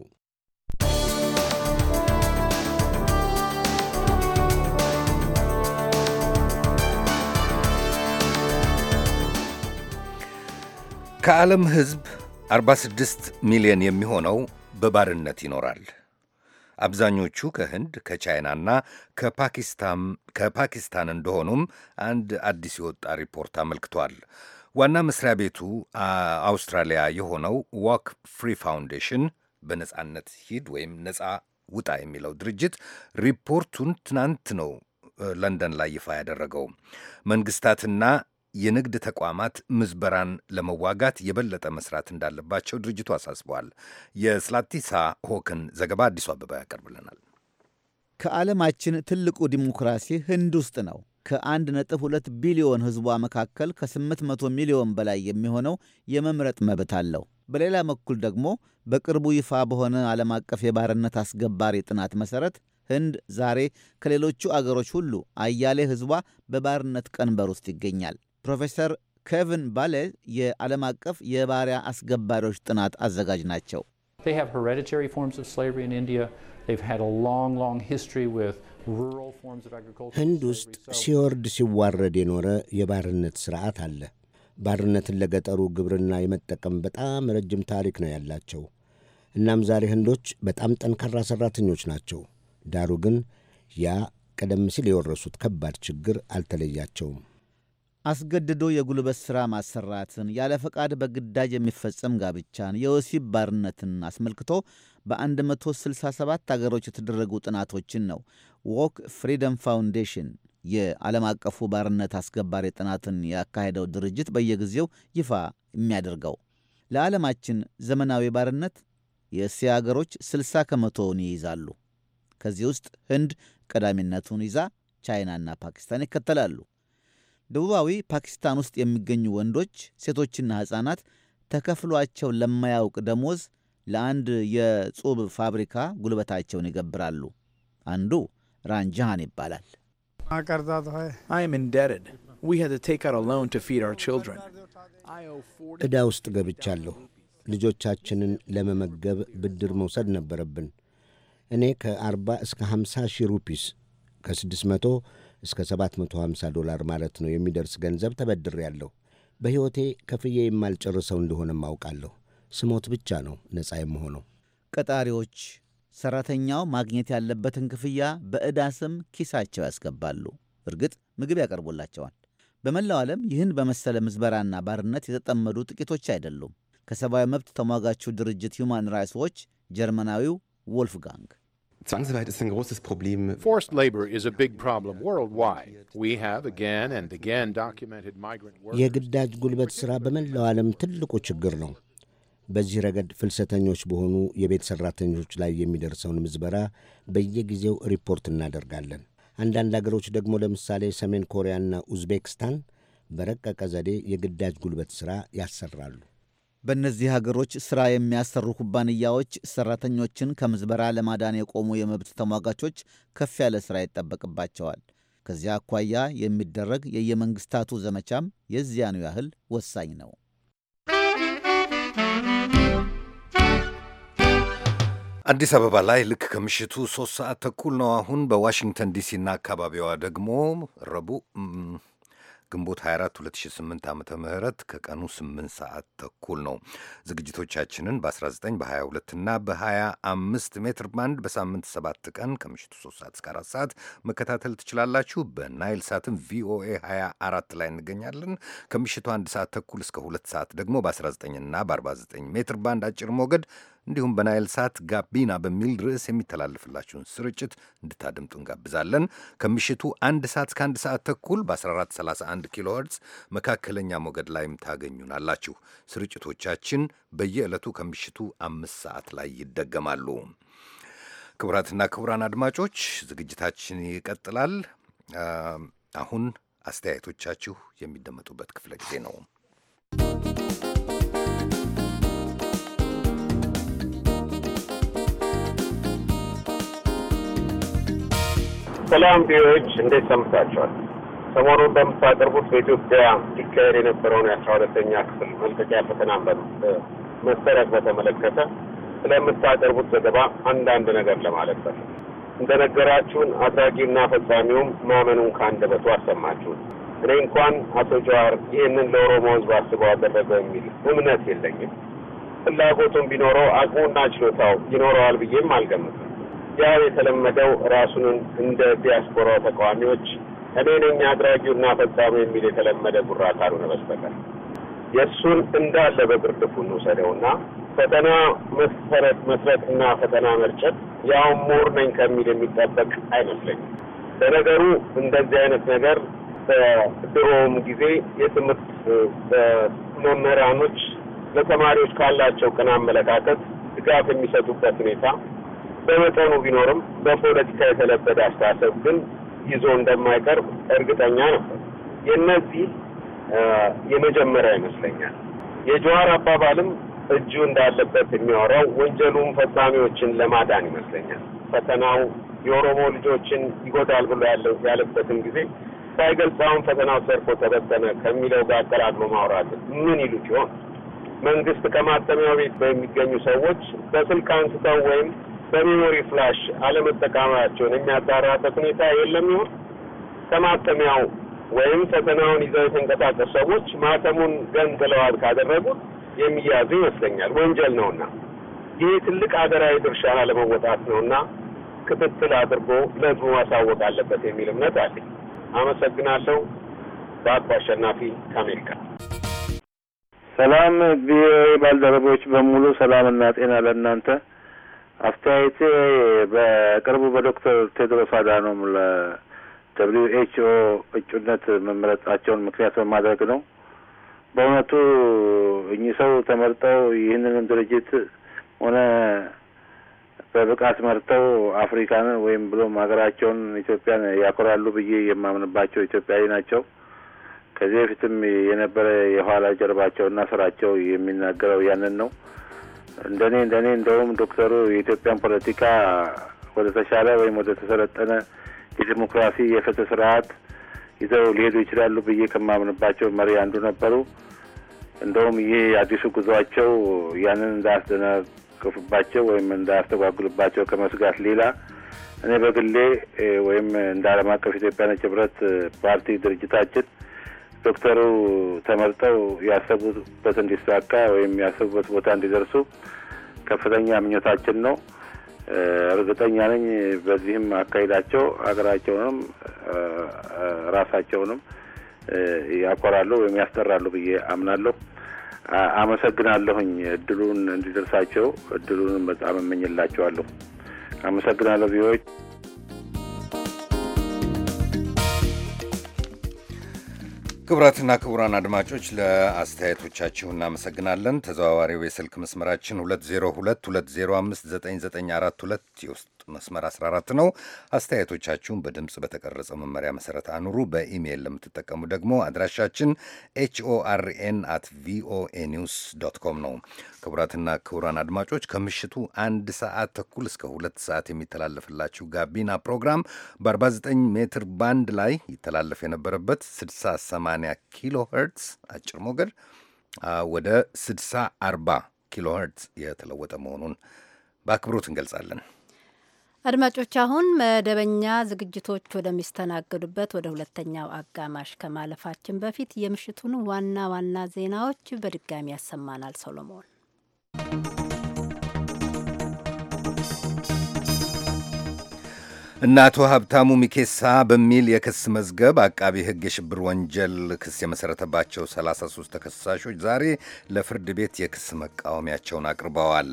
ከዓለም ሕዝብ 46 ሚሊዮን የሚሆነው በባርነት ይኖራል። አብዛኞቹ ከህንድ ከቻይናና ከፓኪስታን እንደሆኑም አንድ አዲስ የወጣ ሪፖርት አመልክቷል። ዋና መስሪያ ቤቱ አውስትራሊያ የሆነው ዋክ ፍሪ ፋውንዴሽን በነጻነት ሂድ ወይም ነጻ ውጣ የሚለው ድርጅት ሪፖርቱን ትናንት ነው ለንደን ላይ ይፋ ያደረገው መንግስታትና የንግድ ተቋማት ምዝበራን ለመዋጋት የበለጠ መስራት እንዳለባቸው ድርጅቱ አሳስበዋል። የስላቲሳ ሆክን ዘገባ አዲሱ አበባ ያቀርብልናል። ከዓለማችን ትልቁ ዲሞክራሲ ህንድ ውስጥ ነው። ከ1.2 ቢሊዮን ህዝቧ መካከል ከ800 ሚሊዮን በላይ የሚሆነው የመምረጥ መብት አለው። በሌላ በኩል ደግሞ በቅርቡ ይፋ በሆነ ዓለም አቀፍ የባርነት አስገባሪ ጥናት መሠረት ህንድ ዛሬ ከሌሎቹ አገሮች ሁሉ አያሌ ህዝቧ በባርነት ቀንበር ውስጥ ይገኛል። ፕሮፌሰር ኬቪን ባሌ የዓለም አቀፍ የባሪያ አስገባሪዎች ጥናት አዘጋጅ ናቸው። ህንድ ውስጥ ሲወርድ ሲዋረድ የኖረ የባርነት ስርዓት አለ። ባርነትን ለገጠሩ ግብርና የመጠቀም በጣም ረጅም ታሪክ ነው ያላቸው። እናም ዛሬ ህንዶች በጣም ጠንካራ ሠራተኞች ናቸው። ዳሩ ግን ያ ቀደም ሲል የወረሱት ከባድ ችግር አልተለያቸውም። አስገድዶ የጉልበት ሥራ ማሰራትን፣ ያለ ፈቃድ በግዳጅ የሚፈጸም ጋብቻን፣ የወሲብ ባርነትን አስመልክቶ በ167 አገሮች የተደረጉ ጥናቶችን ነው ዎክ ፍሪደም ፋውንዴሽን የዓለም አቀፉ ባርነት አስከባሪ ጥናትን ያካሄደው ድርጅት በየጊዜው ይፋ የሚያደርገው። ለዓለማችን ዘመናዊ ባርነት የእስያ አገሮች 60 ከመቶውን ይይዛሉ። ከዚህ ውስጥ ህንድ ቀዳሚነቱን ይዛ ቻይናና ፓኪስታን ይከተላሉ። ደቡባዊ ፓኪስታን ውስጥ የሚገኙ ወንዶች፣ ሴቶችና ሕፃናት ተከፍሏቸው ለማያውቅ ደሞዝ ለአንድ የጹብ ፋብሪካ ጉልበታቸውን ይገብራሉ። አንዱ ራንጃሃን ይባላል። ዕዳ ውስጥ ገብቻለሁ። ልጆቻችንን ለመመገብ ብድር መውሰድ ነበረብን። እኔ ከ40 እስከ 50 ሺህ ሩፒስ ከ600 እስከ 750 ዶላር ማለት ነው የሚደርስ ገንዘብ ተበድሬያለሁ። በሕይወቴ ከፍዬ የማልጨርሰው እንደሆነ አውቃለሁ። ስሞት ብቻ ነው ነፃ የምሆነው። ቀጣሪዎች ሰራተኛው ማግኘት ያለበትን ክፍያ በዕዳ ስም ኪሳቸው ያስገባሉ። እርግጥ ምግብ ያቀርቡላቸዋል። በመላው ዓለም ይህን በመሰለ ምዝበራና ባርነት የተጠመዱ ጥቂቶች አይደሉም። ከሰብአዊ መብት ተሟጋቹ ድርጅት ሁማን ራይትስ ዎች ጀርመናዊው ወልፍጋንግ Forced labor is a big problem worldwide. We have again and again documented migrant workers. የግዳጅ ጉልበት ሥራ በመላው ዓለም ትልቁ ችግር ነው። በዚህ ረገድ ፍልሰተኞች በሆኑ የቤት ሠራተኞች ላይ የሚደርሰውን ምዝበራ በየጊዜው ሪፖርት እናደርጋለን። አንዳንድ አገሮች ደግሞ ለምሳሌ ሰሜን ኮሪያና ኡዝቤክስታን በረቀቀ ዘዴ የግዳጅ ጉልበት ሥራ ያሰራሉ። በእነዚህ ሀገሮች ሥራ የሚያሰሩ ኩባንያዎች ሠራተኞችን ከምዝበራ ለማዳን የቆሙ የመብት ተሟጋቾች ከፍ ያለ ሥራ ይጠበቅባቸዋል። ከዚያ አኳያ የሚደረግ የየመንግሥታቱ ዘመቻም የዚያኑ ያህል ወሳኝ ነው። አዲስ አበባ ላይ ልክ ከምሽቱ ሶስት ሰዓት ተኩል ነው አሁን። በዋሽንግተን ዲሲና አካባቢዋ ደግሞ ረቡዕ ግንቦት 24 2008 ዓ ምህረት ከቀኑ 8 ሰዓት ተኩል ነው። ዝግጅቶቻችንን በ19 በ22 እና በ25 ሜትር ባንድ በሳምንት 7 ቀን ከምሽቱ 3 ሰዓት እስከ 4 ሰዓት መከታተል ትችላላችሁ። በናይል ሳትም ቪኦኤ 24 ላይ እንገኛለን። ከምሽቱ 1 ሰዓት ተኩል እስከ 2 ሰዓት ደግሞ በ19 እና በ49 ሜትር ባንድ አጭር ሞገድ እንዲሁም በናይል ሳት ጋቢና በሚል ርዕስ የሚተላልፍላችሁን ስርጭት እንድታደምጡ እንጋብዛለን። ከምሽቱ አንድ ሰዓት እስከ አንድ ሰዓት ተኩል በ1431 ኪሎ ሄርዝ መካከለኛ ሞገድ ላይም ታገኙናላችሁ። ስርጭቶቻችን በየዕለቱ ከምሽቱ አምስት ሰዓት ላይ ይደገማሉ። ክቡራትና ክቡራን አድማጮች ዝግጅታችን ይቀጥላል። አሁን አስተያየቶቻችሁ የሚደመጡበት ክፍለ ጊዜ ነው። ሰላም ቪዎች እንዴት ሰምታችኋል? ሰሞኑን በምታቀርቡት በኢትዮጵያ ሊካሄድ የነበረውን የአስራ ሁለተኛ ክፍል መልቀቂያ ፈተናን መሰረት በተመለከተ ስለምታቀርቡት ዘገባ አንዳንድ ነገር ለማለት በፊት እንደነገራችሁን አድራጊና ፈጻሚውም ማመኑን ከአንደበቱ አሰማችሁን። እኔ እንኳን አቶ ጀዋር ይህንን ለኦሮሞ ሕዝብ አስበው አደረገ የሚል እምነት የለኝም። ፍላጎቱን ቢኖረው አቅሙና ችሎታው ይኖረዋል ብዬም አልገምትም። ያው የተለመደው ራሱን እንደ ዲያስፖራ ተቃዋሚዎች እኔ ነኝ አድራጊውና ፈጻሚ የሚል የተለመደ ጉራ ካልሆነ በስተቀር የእሱን እንዳለ በግርድፉ እንውሰደውና ፈተና መሰረት መስረትና ፈተና መርጨት ያው ሞር ነኝ ከሚል የሚጠበቅ አይመስለኝም። ለነገሩ እንደዚህ አይነት ነገር በድሮውም ጊዜ የትምህርት መምህራኖች ለተማሪዎች ካላቸው ቅን አመለካከት ድጋፍ የሚሰጡበት ሁኔታ በመጠኑ ቢኖርም በፖለቲካ የተለበደ አስተሳሰብ ግን ይዞ እንደማይቀርብ እርግጠኛ ነበር። የእነዚህ የመጀመሪያ ይመስለኛል። የጀዋር አባባልም እጁ እንዳለበት የሚያወራው ወንጀሉም ፈጻሚዎችን ለማዳን ይመስለኛል። ፈተናው የኦሮሞ ልጆችን ይጎዳል ብሎ ያለበትን ጊዜ ሳይገልጻውን ፈተናው ሰርፎ ተበተነ ከሚለው ጋር አቀራቅሎ ማውራት ምን ይሉት ይሆን? መንግስት ከማተሚያ ቤት በሚገኙ ሰዎች በስልክ አንስተው ወይም በሜሞሪ ፍላሽ አለመጠቀማቸውን የሚያጣራበት ሁኔታ የለም። ይሁን ከማተሚያው ወይም ፈተናውን ይዘው የተንቀሳቀሱ ሰዎች ማተሙን ገንጥለዋል ካደረጉት የሚያዙ ይመስለኛል። ወንጀል ነውና ይህ ትልቅ ሀገራዊ ድርሻ አለመወጣት ነውና ክትትል አድርጎ ለህዝቡ ማሳወቅ አለበት የሚል እምነት አለ። አመሰግናለሁ። በአቶ አሸናፊ ከአሜሪካ። ሰላም ቪኦኤ ባልደረቦች በሙሉ ሰላምና ጤና ለእናንተ አስተያየቴ በቅርቡ በዶክተር ቴድሮስ አዳኖም ለደብሊዩ ኤች ኦ እጩነት መመረጣቸውን ምክንያት በማድረግ ነው። በእውነቱ እኚህ ሰው ተመርጠው ይህንንም ድርጅት ሆነ በብቃት መርተው አፍሪካንን ወይም ብሎም ሀገራቸውን ኢትዮጵያን ያኮራሉ ብዬ የማምንባቸው ኢትዮጵያዊ ናቸው። ከዚህ በፊትም የነበረ የኋላ ጀርባቸውና ስራቸው የሚናገረው ያንን ነው። እንደኔ እንደኔ እንደውም ዶክተሩ የኢትዮጵያን ፖለቲካ ወደ ተሻለ ወይም ወደ ተሰለጠነ የዲሞክራሲ የፍትህ ስርዓት ይዘው ሊሄዱ ይችላሉ ብዬ ከማምንባቸው መሪ አንዱ ነበሩ። እንደውም ይህ አዲሱ ጉዟቸው ያንን እንዳያስደነቅፍባቸው ወይም እንዳያስተጓጉልባቸው ከመስጋት ሌላ እኔ በግሌ ወይም እንደ ዓለም አቀፍ ኢትዮጵያ ነጭ ህብረት ፓርቲ ድርጅታችን ዶክተሩ ተመርጠው ያሰቡበት እንዲሳካ ወይም ያሰቡበት ቦታ እንዲደርሱ ከፍተኛ ምኞታችን ነው። እርግጠኛ ነኝ በዚህም አካሄዳቸው ሀገራቸውንም ራሳቸውንም ያኮራሉ ወይም ያስጠራሉ ብዬ አምናለሁ። አመሰግናለሁኝ። እድሉን እንዲደርሳቸው እድሉንም በጣም እመኝላቸዋለሁ። አመሰግናለሁ ቪዎች ክቡራትና ክቡራን አድማጮች ለአስተያየቶቻችሁ እናመሰግናለን። ተዘዋዋሪው የስልክ መስመራችን 2022059942 የውስጥ መስመር 14 ነው። አስተያየቶቻችሁን በድምፅ በተቀረጸ መመሪያ መሰረት አኑሩ። በኢሜይል ለምትጠቀሙ ደግሞ አድራሻችን ኤችኦአርኤን አት ቪኦኤ ኒውስ ዶት ኮም ነው። ክቡራትና ክቡራን አድማጮች ከምሽቱ አንድ ሰዓት ተኩል እስከ ሁለት ሰዓት የሚተላለፍላችሁ ጋቢና ፕሮግራም በ49 ሜትር ባንድ ላይ ይተላለፍ የነበረበት 68 ኪሎ ሄርትስ አጭር ሞገድ ወደ 6040 ኪሎ ሄርትስ የተለወጠ መሆኑን በአክብሮት እንገልጻለን። አድማጮች አሁን መደበኛ ዝግጅቶች ወደሚስተናገዱበት ወደ ሁለተኛው አጋማሽ ከማለፋችን በፊት የምሽቱን ዋና ዋና ዜናዎች በድጋሚ ያሰማናል ሰሎሞን። እነ አቶ ሀብታሙ ሚኬሳ በሚል የክስ መዝገብ አቃቢ ሕግ የሽብር ወንጀል ክስ የመሠረተባቸው 33 ተከሳሾች ዛሬ ለፍርድ ቤት የክስ መቃወሚያቸውን አቅርበዋል።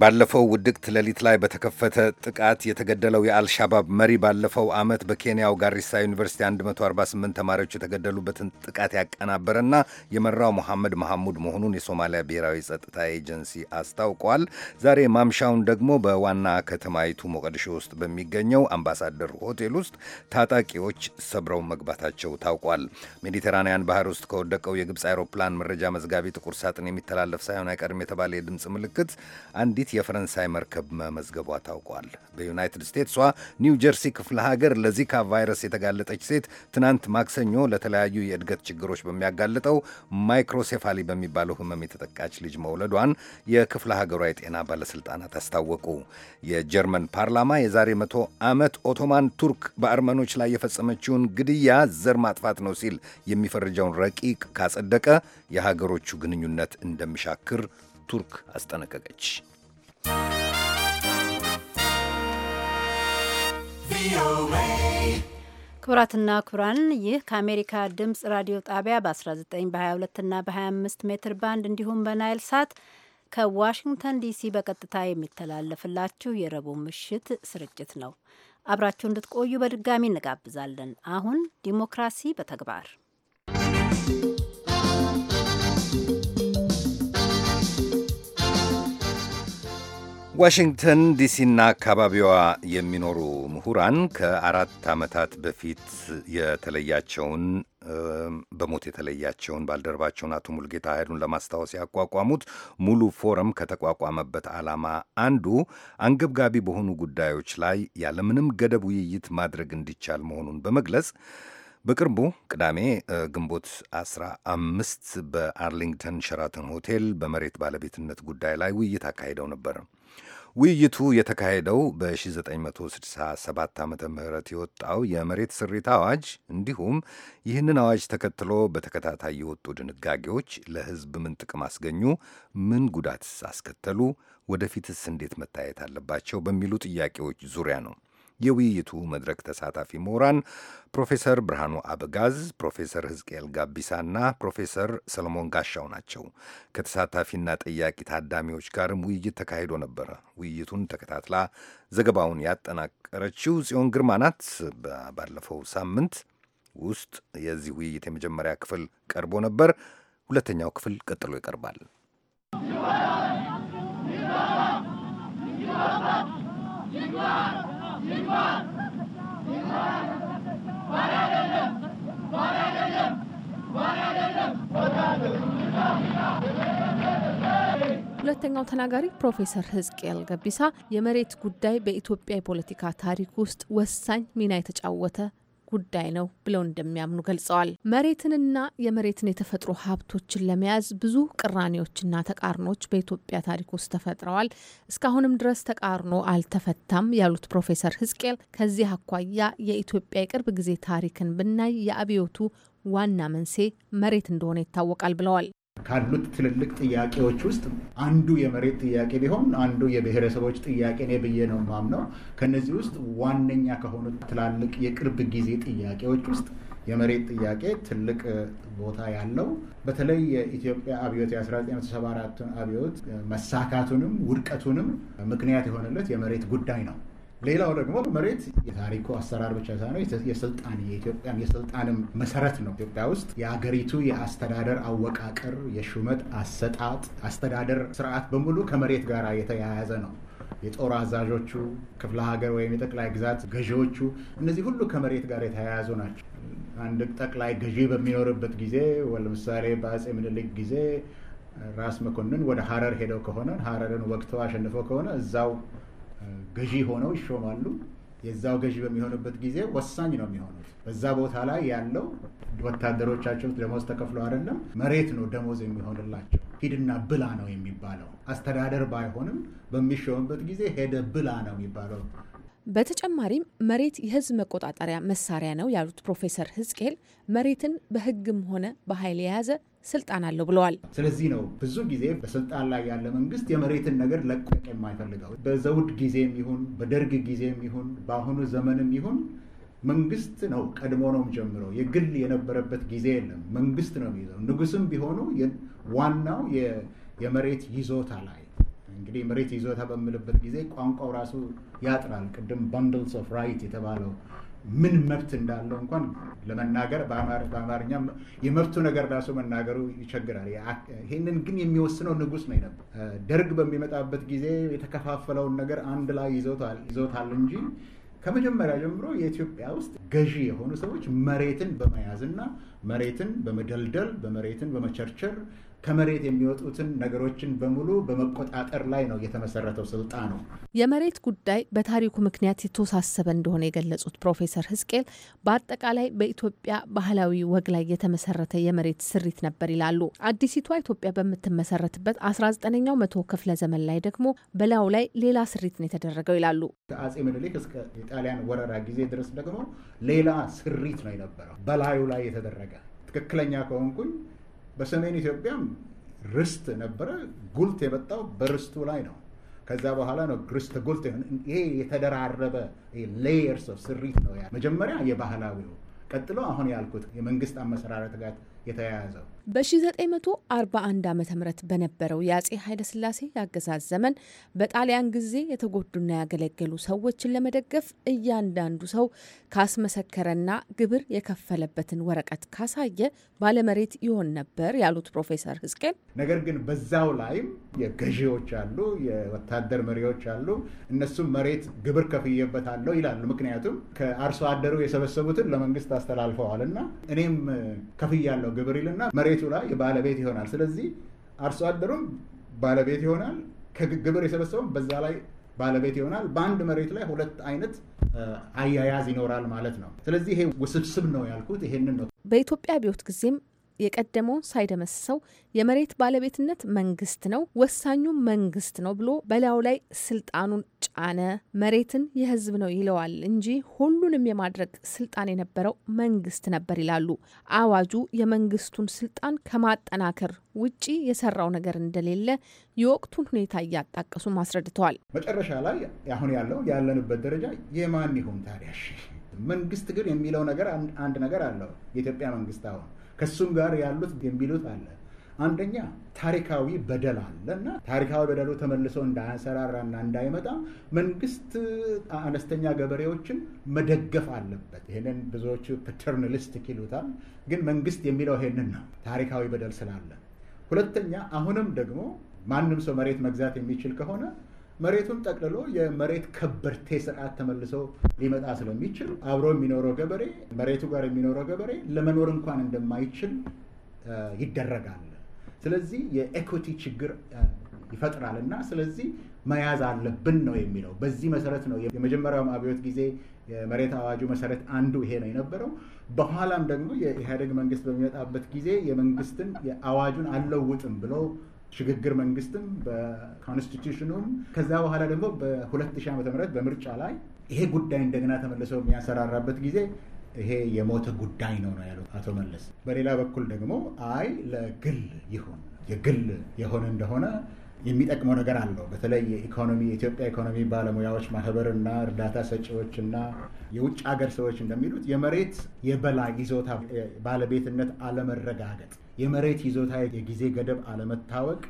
ባለፈው ውድቅት ሌሊት ላይ በተከፈተ ጥቃት የተገደለው የአልሻባብ መሪ ባለፈው ዓመት በኬንያው ጋሪሳ ዩኒቨርሲቲ 148 ተማሪዎች የተገደሉበትን ጥቃት ያቀናበረና የመራው መሐመድ መሐሙድ መሆኑን የሶማሊያ ብሔራዊ ጸጥታ ኤጀንሲ አስታውቋል። ዛሬ ማምሻውን ደግሞ በዋና ከተማይቱ ሞቃዲሾ ውስጥ በሚገኘው አምባሳደር ሆቴል ውስጥ ታጣቂዎች ሰብረው መግባታቸው ታውቋል። ሜዲተራንያን ባህር ውስጥ ከወደቀው የግብፅ አይሮፕላን መረጃ መዝጋቢ ጥቁር ሳጥን የሚተላለፍ ሳይሆን አይቀርም የተባለ የድምፅ ምልክት አንዲት የፈረንሳይ መርከብ መመዝገቧ ታውቋል። በዩናይትድ ስቴትሷ ኒው ጀርሲ ክፍለ ሀገር ለዚካ ቫይረስ የተጋለጠች ሴት ትናንት ማክሰኞ ለተለያዩ የእድገት ችግሮች በሚያጋልጠው ማይክሮሴፋሊ በሚባለው ህመም የተጠቃች ልጅ መውለዷን የክፍለ ሀገሯ የጤና ባለሥልጣናት አስታወቁ። የጀርመን ፓርላማ የዛሬ መቶ ዓመት ኦቶማን ቱርክ በአርመኖች ላይ የፈጸመችውን ግድያ ዘር ማጥፋት ነው ሲል የሚፈርጀውን ረቂቅ ካጸደቀ የሀገሮቹ ግንኙነት እንደሚሻክር ቱርክ አስጠነቀቀች። ክቡራትና ክቡራን ይህ ከአሜሪካ ድምፅ ራዲዮ ጣቢያ በ19 በ22ና በ25 ሜትር ባንድ እንዲሁም በናይል ሳት ከዋሽንግተን ዲሲ በቀጥታ የሚተላለፍላችሁ የረቡዕ ምሽት ስርጭት ነው። አብራችሁ እንድትቆዩ በድጋሚ እንጋብዛለን። አሁን ዲሞክራሲ በተግባር ዋሽንግተን ዲሲና አካባቢዋ የሚኖሩ ምሁራን ከአራት ዓመታት በፊት የተለያቸውን በሞት የተለያቸውን ባልደረባቸውን አቶ ሙልጌታ ኃይሉን ለማስታወስ ያቋቋሙት ሙሉ ፎረም ከተቋቋመበት ዓላማ አንዱ አንገብጋቢ በሆኑ ጉዳዮች ላይ ያለምንም ገደብ ውይይት ማድረግ እንዲቻል መሆኑን በመግለጽ በቅርቡ ቅዳሜ ግንቦት 15 በአርሊንግተን ሸራተን ሆቴል በመሬት ባለቤትነት ጉዳይ ላይ ውይይት አካሂደው ነበር። ውይይቱ የተካሄደው በ1967 ዓ ም የወጣው የመሬት ስሪት አዋጅ እንዲሁም ይህንን አዋጅ ተከትሎ በተከታታይ የወጡ ድንጋጌዎች ለሕዝብ ምን ጥቅም አስገኙ? ምን ጉዳትስ አስከተሉ? ወደፊትስ እንዴት መታየት አለባቸው? በሚሉ ጥያቄዎች ዙሪያ ነው። የውይይቱ መድረክ ተሳታፊ ምሁራን ፕሮፌሰር ብርሃኑ አበጋዝ፣ ፕሮፌሰር ጋቢሳ ጋቢሳና ፕሮፌሰር ሰለሞን ጋሻው ናቸው። ከተሳታፊና ጠያቂ ታዳሚዎች ጋርም ውይይት ተካሂዶ ነበረ። ውይይቱን ተከታትላ ዘገባውን ያጠናቀረችው ጽዮን ግርማ ናት። ባለፈው ሳምንት ውስጥ የዚህ ውይይት የመጀመሪያ ክፍል ቀርቦ ነበር። ሁለተኛው ክፍል ቀጥሎ ይቀርባል። ይግባባ ሁለተኛው ተናጋሪ ፕሮፌሰር ህዝቅኤል ገቢሳ የመሬት ጉዳይ በኢትዮጵያ የፖለቲካ ታሪክ ውስጥ ወሳኝ ሚና የተጫወተ ጉዳይ ነው ብለው እንደሚያምኑ ገልጸዋል። መሬትንና የመሬትን የተፈጥሮ ሀብቶችን ለመያዝ ብዙ ቅራኔዎችና ተቃርኖች በኢትዮጵያ ታሪክ ውስጥ ተፈጥረዋል። እስካሁንም ድረስ ተቃርኖ አልተፈታም ያሉት ፕሮፌሰር ህዝቅኤል ከዚህ አኳያ የኢትዮጵያ የቅርብ ጊዜ ታሪክን ብናይ የአብዮቱ ዋና መንስኤ መሬት እንደሆነ ይታወቃል ብለዋል። ካሉት ትልልቅ ጥያቄዎች ውስጥ አንዱ የመሬት ጥያቄ ቢሆን አንዱ የብሔረሰቦች ጥያቄ ነው ብዬ ነው ማምነው። ከነዚህ ውስጥ ዋነኛ ከሆኑት ትላልቅ የቅርብ ጊዜ ጥያቄዎች ውስጥ የመሬት ጥያቄ ትልቅ ቦታ ያለው በተለይ የኢትዮጵያ አብዮት የ1974 አብዮት መሳካቱንም ውድቀቱንም ምክንያት የሆነለት የመሬት ጉዳይ ነው። ሌላው ደግሞ መሬት የታሪኩ አሰራር ብቻ ሳይሆን የስልጣን የኢትዮጵያ የስልጣንም መሰረት ነው። ኢትዮጵያ ውስጥ የአገሪቱ የአስተዳደር አወቃቀር፣ የሹመት አሰጣጥ፣ አስተዳደር ስርዓት በሙሉ ከመሬት ጋር የተያያዘ ነው። የጦር አዛዦቹ፣ ክፍለ ሀገር ወይም የጠቅላይ ግዛት ገዢዎቹ፣ እነዚህ ሁሉ ከመሬት ጋር የተያያዙ ናቸው። አንድ ጠቅላይ ገዢ በሚኖርበት ጊዜ ለምሳሌ በአጼ ምኒልክ ጊዜ ራስ መኮንን ወደ ሀረር ሄደው ከሆነ ሀረርን ወቅቶ አሸንፈው ከሆነ እዛው ገዢ ሆነው ይሾማሉ። የዛው ገዢ በሚሆንበት ጊዜ ወሳኝ ነው የሚሆኑት። በዛ ቦታ ላይ ያለው ወታደሮቻቸው ደሞዝ ተከፍለው አይደለም፣ መሬት ነው ደሞዝ የሚሆንላቸው። ሂድና ብላ ነው የሚባለው። አስተዳደር ባይሆንም በሚሾምበት ጊዜ ሄደ ብላ ነው የሚባለው በተጨማሪም መሬት የህዝብ መቆጣጠሪያ መሳሪያ ነው ያሉት ፕሮፌሰር ህዝቅኤል መሬትን በህግም ሆነ በኃይል የያዘ ስልጣን አለው ብለዋል። ስለዚህ ነው ብዙ ጊዜ በስልጣን ላይ ያለ መንግስት የመሬትን ነገር ለቀቅ የማይፈልገው። በዘውድ ጊዜም ይሁን በደርግ ጊዜም ይሁን በአሁኑ ዘመንም ይሁን መንግስት ነው ቀድሞ ነው ጀምረው የግል የነበረበት ጊዜ የለም። መንግስት ነው የሚይዘው። ንጉስም ቢሆኑ ዋናው የመሬት ይዞታ ላይ እንግዲህ መሬት ይዞታ በምልበት ጊዜ ቋንቋው ራሱ ያጥራል። ቅድም ባንድልስ ኦፍ ራይት የተባለው ምን መብት እንዳለው እንኳን ለመናገር በአማርኛ የመብቱ ነገር ራሱ መናገሩ ይቸግራል። ይህንን ግን የሚወስነው ንጉስ ነው ነበር። ደርግ በሚመጣበት ጊዜ የተከፋፈለውን ነገር አንድ ላይ ይዞታል እንጂ ከመጀመሪያ ጀምሮ የኢትዮጵያ ውስጥ ገዢ የሆኑ ሰዎች መሬትን በመያዝና መሬትን በመደልደል በመሬትን በመቸርቸር ከመሬት የሚወጡትን ነገሮችን በሙሉ በመቆጣጠር ላይ ነው የተመሰረተው ስልጣኑ። የመሬት ጉዳይ በታሪኩ ምክንያት የተወሳሰበ እንደሆነ የገለጹት ፕሮፌሰር ህዝቅኤል በአጠቃላይ በኢትዮጵያ ባህላዊ ወግ ላይ የተመሰረተ የመሬት ስሪት ነበር ይላሉ። አዲሲቷ ኢትዮጵያ በምትመሰረትበት 19ኛው መቶ ክፍለ ዘመን ላይ ደግሞ በላዩ ላይ ሌላ ስሪት ነው የተደረገው ይላሉ። ከአጼ ምኒልክ እስከ ጣሊያን ወረራ ጊዜ ድረስ ደግሞ ሌላ ስሪት ነው የነበረው በላዩ ላይ የተደረገ ትክክለኛ ከሆንኩኝ በሰሜን ኢትዮጵያም ርስት ነበረ። ጉልት የመጣው በርስቱ ላይ ነው። ከዛ በኋላ ነው ርስት ጉልት። ይሄ የተደራረበ ሌየርስ ኦፍ ስሪት ነው። መጀመሪያ የባህላዊው፣ ቀጥሎ አሁን ያልኩት የመንግስት አመሰራረት ጋር የተያያዘው በ1941 ዓ ም በነበረው የአጼ ኃይለሥላሴ የአገዛዝ ዘመን በጣሊያን ጊዜ የተጎዱና ያገለገሉ ሰዎችን ለመደገፍ እያንዳንዱ ሰው ካስመሰከረና ግብር የከፈለበትን ወረቀት ካሳየ ባለመሬት ይሆን ነበር ያሉት ፕሮፌሰር ህዝቅን። ነገር ግን በዛው ላይም የገዢዎች አሉ፣ የወታደር መሪዎች አሉ። እነሱም መሬት ግብር ከፍዬበታለሁ ይላሉ። ምክንያቱም ከአርሶ አደሩ የሰበሰቡትን ለመንግስት አስተላልፈዋልና እኔም ከፍያለሁ ግብር ይልና መሬት የቤቱ ላይ የባለቤት ይሆናል። ስለዚህ አርሶ አደሩም ባለቤት ይሆናል፣ ከግብር የሰበሰበውም በዛ ላይ ባለቤት ይሆናል። በአንድ መሬት ላይ ሁለት አይነት አያያዝ ይኖራል ማለት ነው። ስለዚህ ይሄ ውስብስብ ነው ያልኩት ይሄንን ነው። በኢትዮጵያ አብዮት ጊዜም የቀደመውን ሳይደመስሰው የመሬት ባለቤትነት መንግስት ነው፣ ወሳኙ መንግስት ነው ብሎ በላዩ ላይ ስልጣኑን ጫነ። መሬትን የህዝብ ነው ይለዋል እንጂ ሁሉንም የማድረግ ስልጣን የነበረው መንግስት ነበር ይላሉ። አዋጁ የመንግስቱን ስልጣን ከማጠናከር ውጪ የሰራው ነገር እንደሌለ የወቅቱን ሁኔታ እያጣቀሱ አስረድተዋል። መጨረሻ ላይ አሁን ያለው ያለንበት ደረጃ የማን ይሁን ታዲያ? መንግስት ግን የሚለው ነገር አንድ ነገር አለው የኢትዮጵያ መንግስት አሁን ከሱም ጋር ያሉት የሚሉት አለ። አንደኛ ታሪካዊ በደል አለ እና ታሪካዊ በደሉ ተመልሶ እንዳያንሰራራና እንዳይመጣ መንግስት አነስተኛ ገበሬዎችን መደገፍ አለበት። ይህንን ብዙዎቹ ፓተርናሊስቲክ ይሉታል፣ ግን መንግስት የሚለው ይሄንን ነው፣ ታሪካዊ በደል ስላለ። ሁለተኛ አሁንም ደግሞ ማንም ሰው መሬት መግዛት የሚችል ከሆነ መሬቱን ጠቅልሎ የመሬት ከበርቴ ስርዓት ተመልሶ ሊመጣ ስለሚችል አብሮ የሚኖረው ገበሬ መሬቱ ጋር የሚኖረው ገበሬ ለመኖር እንኳን እንደማይችል ይደረጋል። ስለዚህ የኤኩቲ ችግር ይፈጥራል እና ስለዚህ መያዝ አለብን ነው የሚለው። በዚህ መሰረት ነው የመጀመሪያው አብዮት ጊዜ የመሬት አዋጁ መሰረት አንዱ ይሄ ነው የነበረው። በኋላም ደግሞ የኢህአደግ መንግስት በሚመጣበት ጊዜ የመንግስትን የአዋጁን አልለውጥም ብሎ ሽግግር መንግስትም በኮንስቲቱሽኑም ከዛ በኋላ ደግሞ በ2000 ዓ ም በምርጫ ላይ ይሄ ጉዳይ እንደገና ተመልሰው የሚያሰራራበት ጊዜ ይሄ የሞተ ጉዳይ ነው ነው ያሉት አቶ መለስ። በሌላ በኩል ደግሞ አይ ለግል ይሁን የግል የሆነ እንደሆነ የሚጠቅመው ነገር አለው። በተለይ የኢኮኖሚ የኢትዮጵያ ኢኮኖሚ ባለሙያዎች ማህበርና እርዳታ ሰጪዎችና የውጭ ሀገር ሰዎች እንደሚሉት የመሬት የበላይ ይዞታ ባለቤትነት አለመረጋገጥ፣ የመሬት ይዞታ የጊዜ ገደብ አለመታወቅ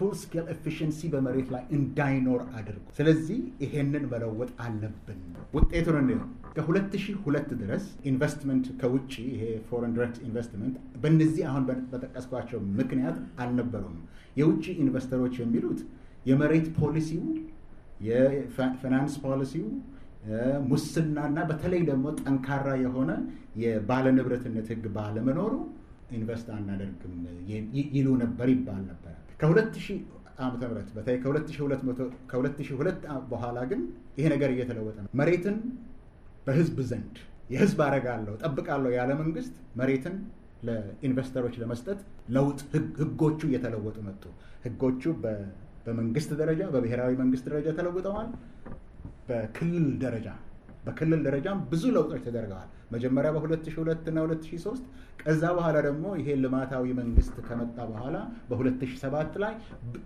ፉል ስኬል ኤፊሽንሲ በመሬት ላይ እንዳይኖር አድርጎ፣ ስለዚህ ይሄንን መለወጥ አለብን። ውጤቱን እንየው። ከ2002 ድረስ ኢንቨስትመንት ከውጭ ይሄ ፎረን ዲሬክት ኢንቨስትመንት በእነዚህ አሁን በጠቀስኳቸው ምክንያት አልነበሩም። የውጭ ኢንቨስተሮች የሚሉት የመሬት ፖሊሲው፣ የፋይናንስ ፖሊሲው ሙስናና በተለይ ደግሞ ጠንካራ የሆነ የባለንብረትነት ህግ ባለመኖሩ ኢንቨስት አናደርግም ይሉ ነበር ይባል ነበረ። ከ2000 ዓመተ ምህረት በተለይ ከ2002 በኋላ ግን ይሄ ነገር እየተለወጠ ነው። መሬትን በህዝብ ዘንድ የህዝብ አረጋለሁ ጠብቃለሁ ያለ መንግስት መሬትን ለኢንቨስተሮች ለመስጠት ለውጥ ህጎቹ እየተለወጡ መጡ። ህጎቹ በመንግስት ደረጃ በብሔራዊ መንግስት ደረጃ ተለውጠዋል። በክልል ደረጃ በክልል ደረጃም ብዙ ለውጦች ተደርገዋል። መጀመሪያ በ2002 እና 2003 ከዛ በኋላ ደግሞ ይሄ ልማታዊ መንግስት ከመጣ በኋላ በ2007 ላይ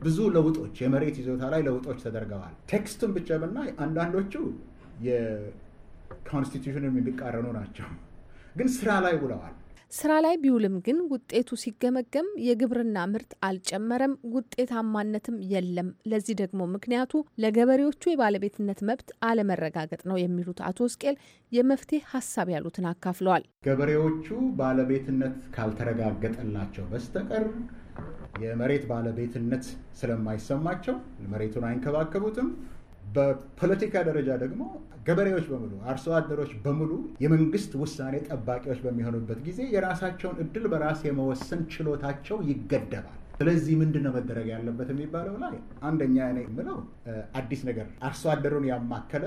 ብዙ ለውጦች የመሬት ይዞታ ላይ ለውጦች ተደርገዋል። ቴክስቱን ብቻ ብናይ አንዳንዶቹ የኮንስቲቱሽን የሚቃረኑ ናቸው፣ ግን ስራ ላይ ውለዋል። ስራ ላይ ቢውልም ግን ውጤቱ ሲገመገም የግብርና ምርት አልጨመረም፣ ውጤታማነትም የለም። ለዚህ ደግሞ ምክንያቱ ለገበሬዎቹ የባለቤትነት መብት አለመረጋገጥ ነው የሚሉት አቶ እስቄል የመፍትሄ ሀሳብ ያሉትን አካፍለዋል። ገበሬዎቹ ባለቤትነት ካልተረጋገጠላቸው በስተቀር የመሬት ባለቤትነት ስለማይሰማቸው መሬቱን አይንከባከቡትም። በፖለቲካ ደረጃ ደግሞ ገበሬዎች በሙሉ አርሶ አደሮች በሙሉ የመንግስት ውሳኔ ጠባቂዎች በሚሆኑበት ጊዜ የራሳቸውን እድል በራስ የመወሰን ችሎታቸው ይገደባል። ስለዚህ ምንድን ነው መደረግ ያለበት የሚባለው ላይ አንደኛ እኔ የምለው አዲስ ነገር አርሶ አደሩን ያማከለ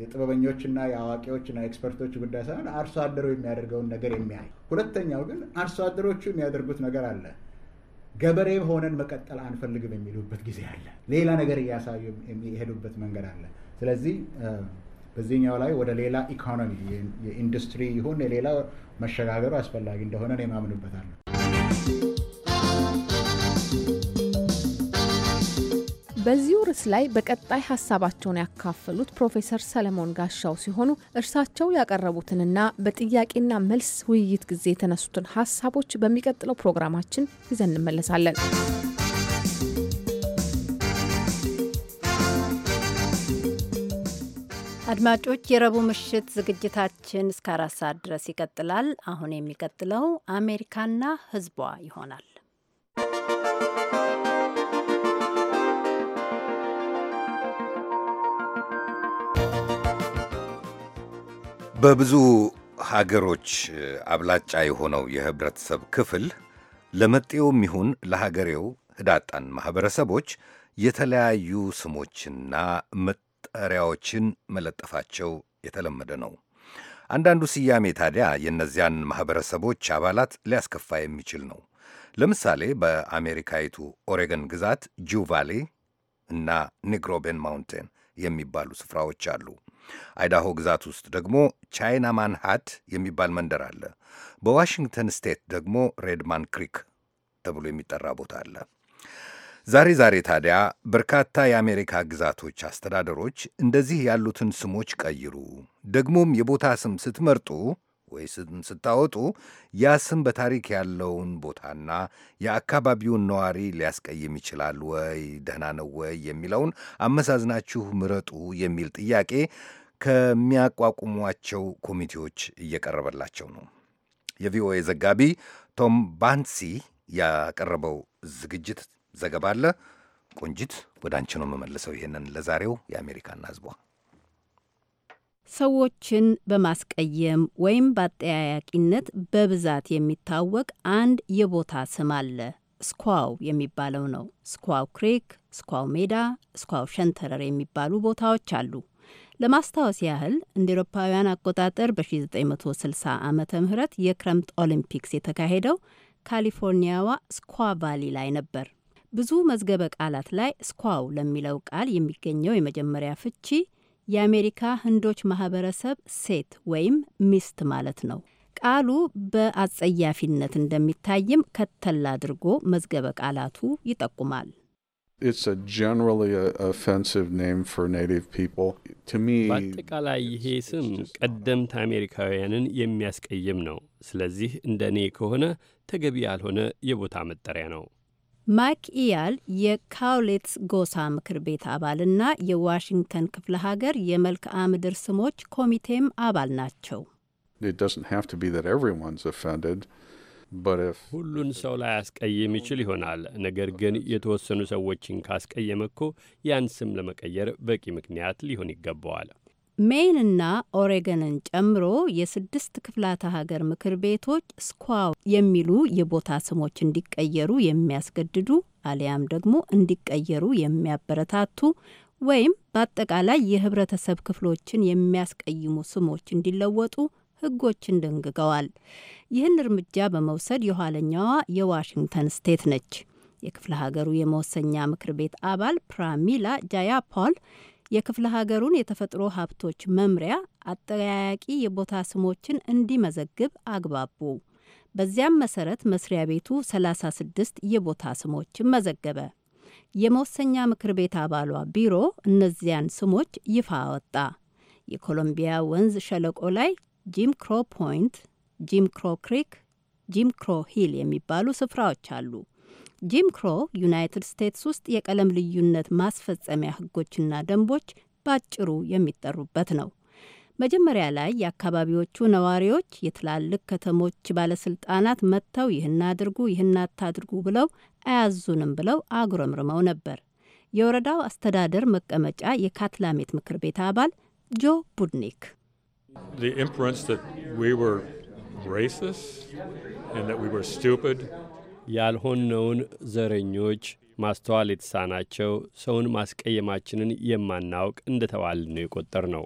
የጥበበኞችና የአዋቂዎችና ኤክስፐርቶች ጉዳይ ሳይሆን አርሶ አደሩ የሚያደርገውን ነገር የሚያይ ሁለተኛው ግን አርሶ አደሮቹ የሚያደርጉት ነገር አለ ገበሬ ሆነን መቀጠል አንፈልግም የሚሉበት ጊዜ አለ። ሌላ ነገር እያሳዩ የሚሄዱበት መንገድ አለ። ስለዚህ በዚህኛው ላይ ወደ ሌላ ኢኮኖሚ የኢንዱስትሪ ይሁን የሌላ መሸጋገሩ አስፈላጊ እንደሆነ እኔ ማምንበታለሁ። በዚሁ ርዕስ ላይ በቀጣይ ሀሳባቸውን ያካፈሉት ፕሮፌሰር ሰለሞን ጋሻው ሲሆኑ እርሳቸው ያቀረቡትንና በጥያቄና መልስ ውይይት ጊዜ የተነሱትን ሀሳቦች በሚቀጥለው ፕሮግራማችን ይዘን እንመለሳለን። አድማጮች የረቡዕ ምሽት ዝግጅታችን እስከ አራት ሰዓት ድረስ ይቀጥላል። አሁን የሚቀጥለው አሜሪካና ሕዝቧ ይሆናል። በብዙ ሀገሮች አብላጫ የሆነው የህብረተሰብ ክፍል ለመጤውም ይሁን ለሀገሬው ህዳጣን ማኅበረሰቦች የተለያዩ ስሞችና መጠሪያዎችን መለጠፋቸው የተለመደ ነው። አንዳንዱ ስያሜ ታዲያ የእነዚያን ማኅበረሰቦች አባላት ሊያስከፋ የሚችል ነው። ለምሳሌ በአሜሪካዊቱ ኦሬገን ግዛት ጁቫሌ እና ኒግሮቤን ማውንቴን የሚባሉ ስፍራዎች አሉ። አይዳሆ ግዛት ውስጥ ደግሞ ቻይና ማንሃት የሚባል መንደር አለ። በዋሽንግተን ስቴት ደግሞ ሬድማን ክሪክ ተብሎ የሚጠራ ቦታ አለ። ዛሬ ዛሬ ታዲያ በርካታ የአሜሪካ ግዛቶች አስተዳደሮች እንደዚህ ያሉትን ስሞች ቀይሩ፣ ደግሞም የቦታ ስም ስትመርጡ ወይ ስታወጡ ያ ስም በታሪክ ያለውን ቦታና የአካባቢውን ነዋሪ ሊያስቀይም ይችላል ወይ፣ ደህና ነው ወይ የሚለውን አመዛዝናችሁ ምረጡ የሚል ጥያቄ ከሚያቋቁሟቸው ኮሚቴዎች እየቀረበላቸው ነው። የቪኦኤ ዘጋቢ ቶም ባንሲ ያቀረበው ዝግጅት ዘገባ አለ። ቆንጂት፣ ወደ አንቺ ነው የምመልሰው። ይህንን ለዛሬው የአሜሪካና ህዝቧ ሰዎችን በማስቀየም ወይም በአጠያያቂነት በብዛት የሚታወቅ አንድ የቦታ ስም አለ። ስኳው የሚባለው ነው። ስኳው ክሬክ፣ ስኳው ሜዳ፣ ስኳው ሸንተረር የሚባሉ ቦታዎች አሉ። ለማስታወስ ያህል እንደ ኤሮፓውያን አቆጣጠር በ1960 ዓ ም የክረምት ኦሊምፒክስ የተካሄደው ካሊፎርኒያዋ ስኳ ቫሊ ላይ ነበር። ብዙ መዝገበ ቃላት ላይ ስኳው ለሚለው ቃል የሚገኘው የመጀመሪያ ፍቺ የአሜሪካ ህንዶች ማህበረሰብ ሴት ወይም ሚስት ማለት ነው። ቃሉ በአጸያፊነት እንደሚታይም ከተል አድርጎ መዝገበ ቃላቱ ይጠቁማል። በአጠቃላይ ይሄ ስም ቀደምት አሜሪካውያንን የሚያስቀይም ነው። ስለዚህ እንደ እኔ ከሆነ ተገቢ ያልሆነ የቦታ መጠሪያ ነው። ማይክ ኢያል የካውሌትስ ጎሳ ምክር ቤት አባልና የዋሽንግተን ክፍለ ሀገር የመልክዓ ምድር ስሞች ኮሚቴም አባል ናቸው። ሁሉን ሰው ላይ አስቀይም ይችል ይሆናል። ነገር ግን የተወሰኑ ሰዎችን ካስቀየመ እኮ ያን ስም ለመቀየር በቂ ምክንያት ሊሆን ይገባዋል። ሜይንና ኦሬገንን ጨምሮ የስድስት ክፍላተ ሀገር ምክር ቤቶች ስኳው የሚሉ የቦታ ስሞች እንዲቀየሩ የሚያስገድዱ አሊያም ደግሞ እንዲቀየሩ የሚያበረታቱ ወይም በአጠቃላይ የህብረተሰብ ክፍሎችን የሚያስቀይሙ ስሞች እንዲለወጡ ህጎችን ደንግገዋል። ይህን እርምጃ በመውሰድ የኋለኛዋ የዋሽንግተን ስቴት ነች። የክፍለ ሀገሩ የመወሰኛ ምክር ቤት አባል ፕራሚላ ጃያፖል የክፍለ ሀገሩን የተፈጥሮ ሀብቶች መምሪያ አጠያያቂ የቦታ ስሞችን እንዲመዘግብ አግባቡ። በዚያም መሰረት መስሪያ ቤቱ 36 የቦታ ስሞችን መዘገበ። የመወሰኛ ምክር ቤት አባሏ ቢሮ እነዚያን ስሞች ይፋ አወጣ። የኮሎምቢያ ወንዝ ሸለቆ ላይ ጂም ክሮ ፖይንት፣ ጂም ክሮ ክሪክ፣ ጂም ክሮ ሂል የሚባሉ ስፍራዎች አሉ። ጂም ክሮ ዩናይትድ ስቴትስ ውስጥ የቀለም ልዩነት ማስፈጸሚያ ህጎችና ደንቦች ባጭሩ የሚጠሩበት ነው። መጀመሪያ ላይ የአካባቢዎቹ ነዋሪዎች የትላልቅ ከተሞች ባለስልጣናት መጥተው ይህን አድርጉ፣ ይህን አታድርጉ ብለው አያዙንም ብለው አጉረምርመው ነበር። የወረዳው አስተዳደር መቀመጫ የካትላሜት ምክር ቤት አባል ጆ ቡድኒክ ያልሆነውን ዘረኞች፣ ማስተዋል የተሳናቸው ሰውን ማስቀየማችንን የማናውቅ እንደ ነው የቆጠር ነው።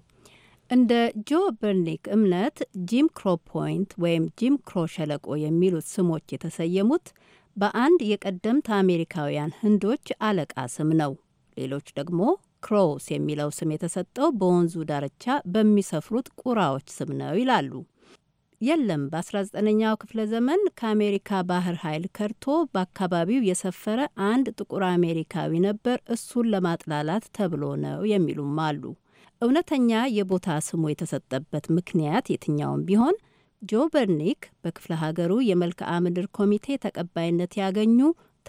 እንደ ጆ በርኒክ እምነት ጂም ክሮ ፖይንት ወይም ጂም ክሮ ሸለቆ የሚሉት ስሞች የተሰየሙት በአንድ የቀደምት አሜሪካውያን ህንዶች አለቃ ስም ነው። ሌሎች ደግሞ ክሮውስ የሚለው ስም የተሰጠው በወንዙ ዳርቻ በሚሰፍሩት ቁራዎች ስም ነው ይላሉ። የለም በ19ኛው ክፍለ ዘመን ከአሜሪካ ባህር ኃይል ከርቶ በአካባቢው የሰፈረ አንድ ጥቁር አሜሪካዊ ነበር፣ እሱን ለማጥላላት ተብሎ ነው የሚሉም አሉ። እውነተኛ የቦታ ስሙ የተሰጠበት ምክንያት የትኛውም ቢሆን ጆ በርኒክ በክፍለ ሀገሩ የመልክዓ ምድር ኮሚቴ ተቀባይነት ያገኙ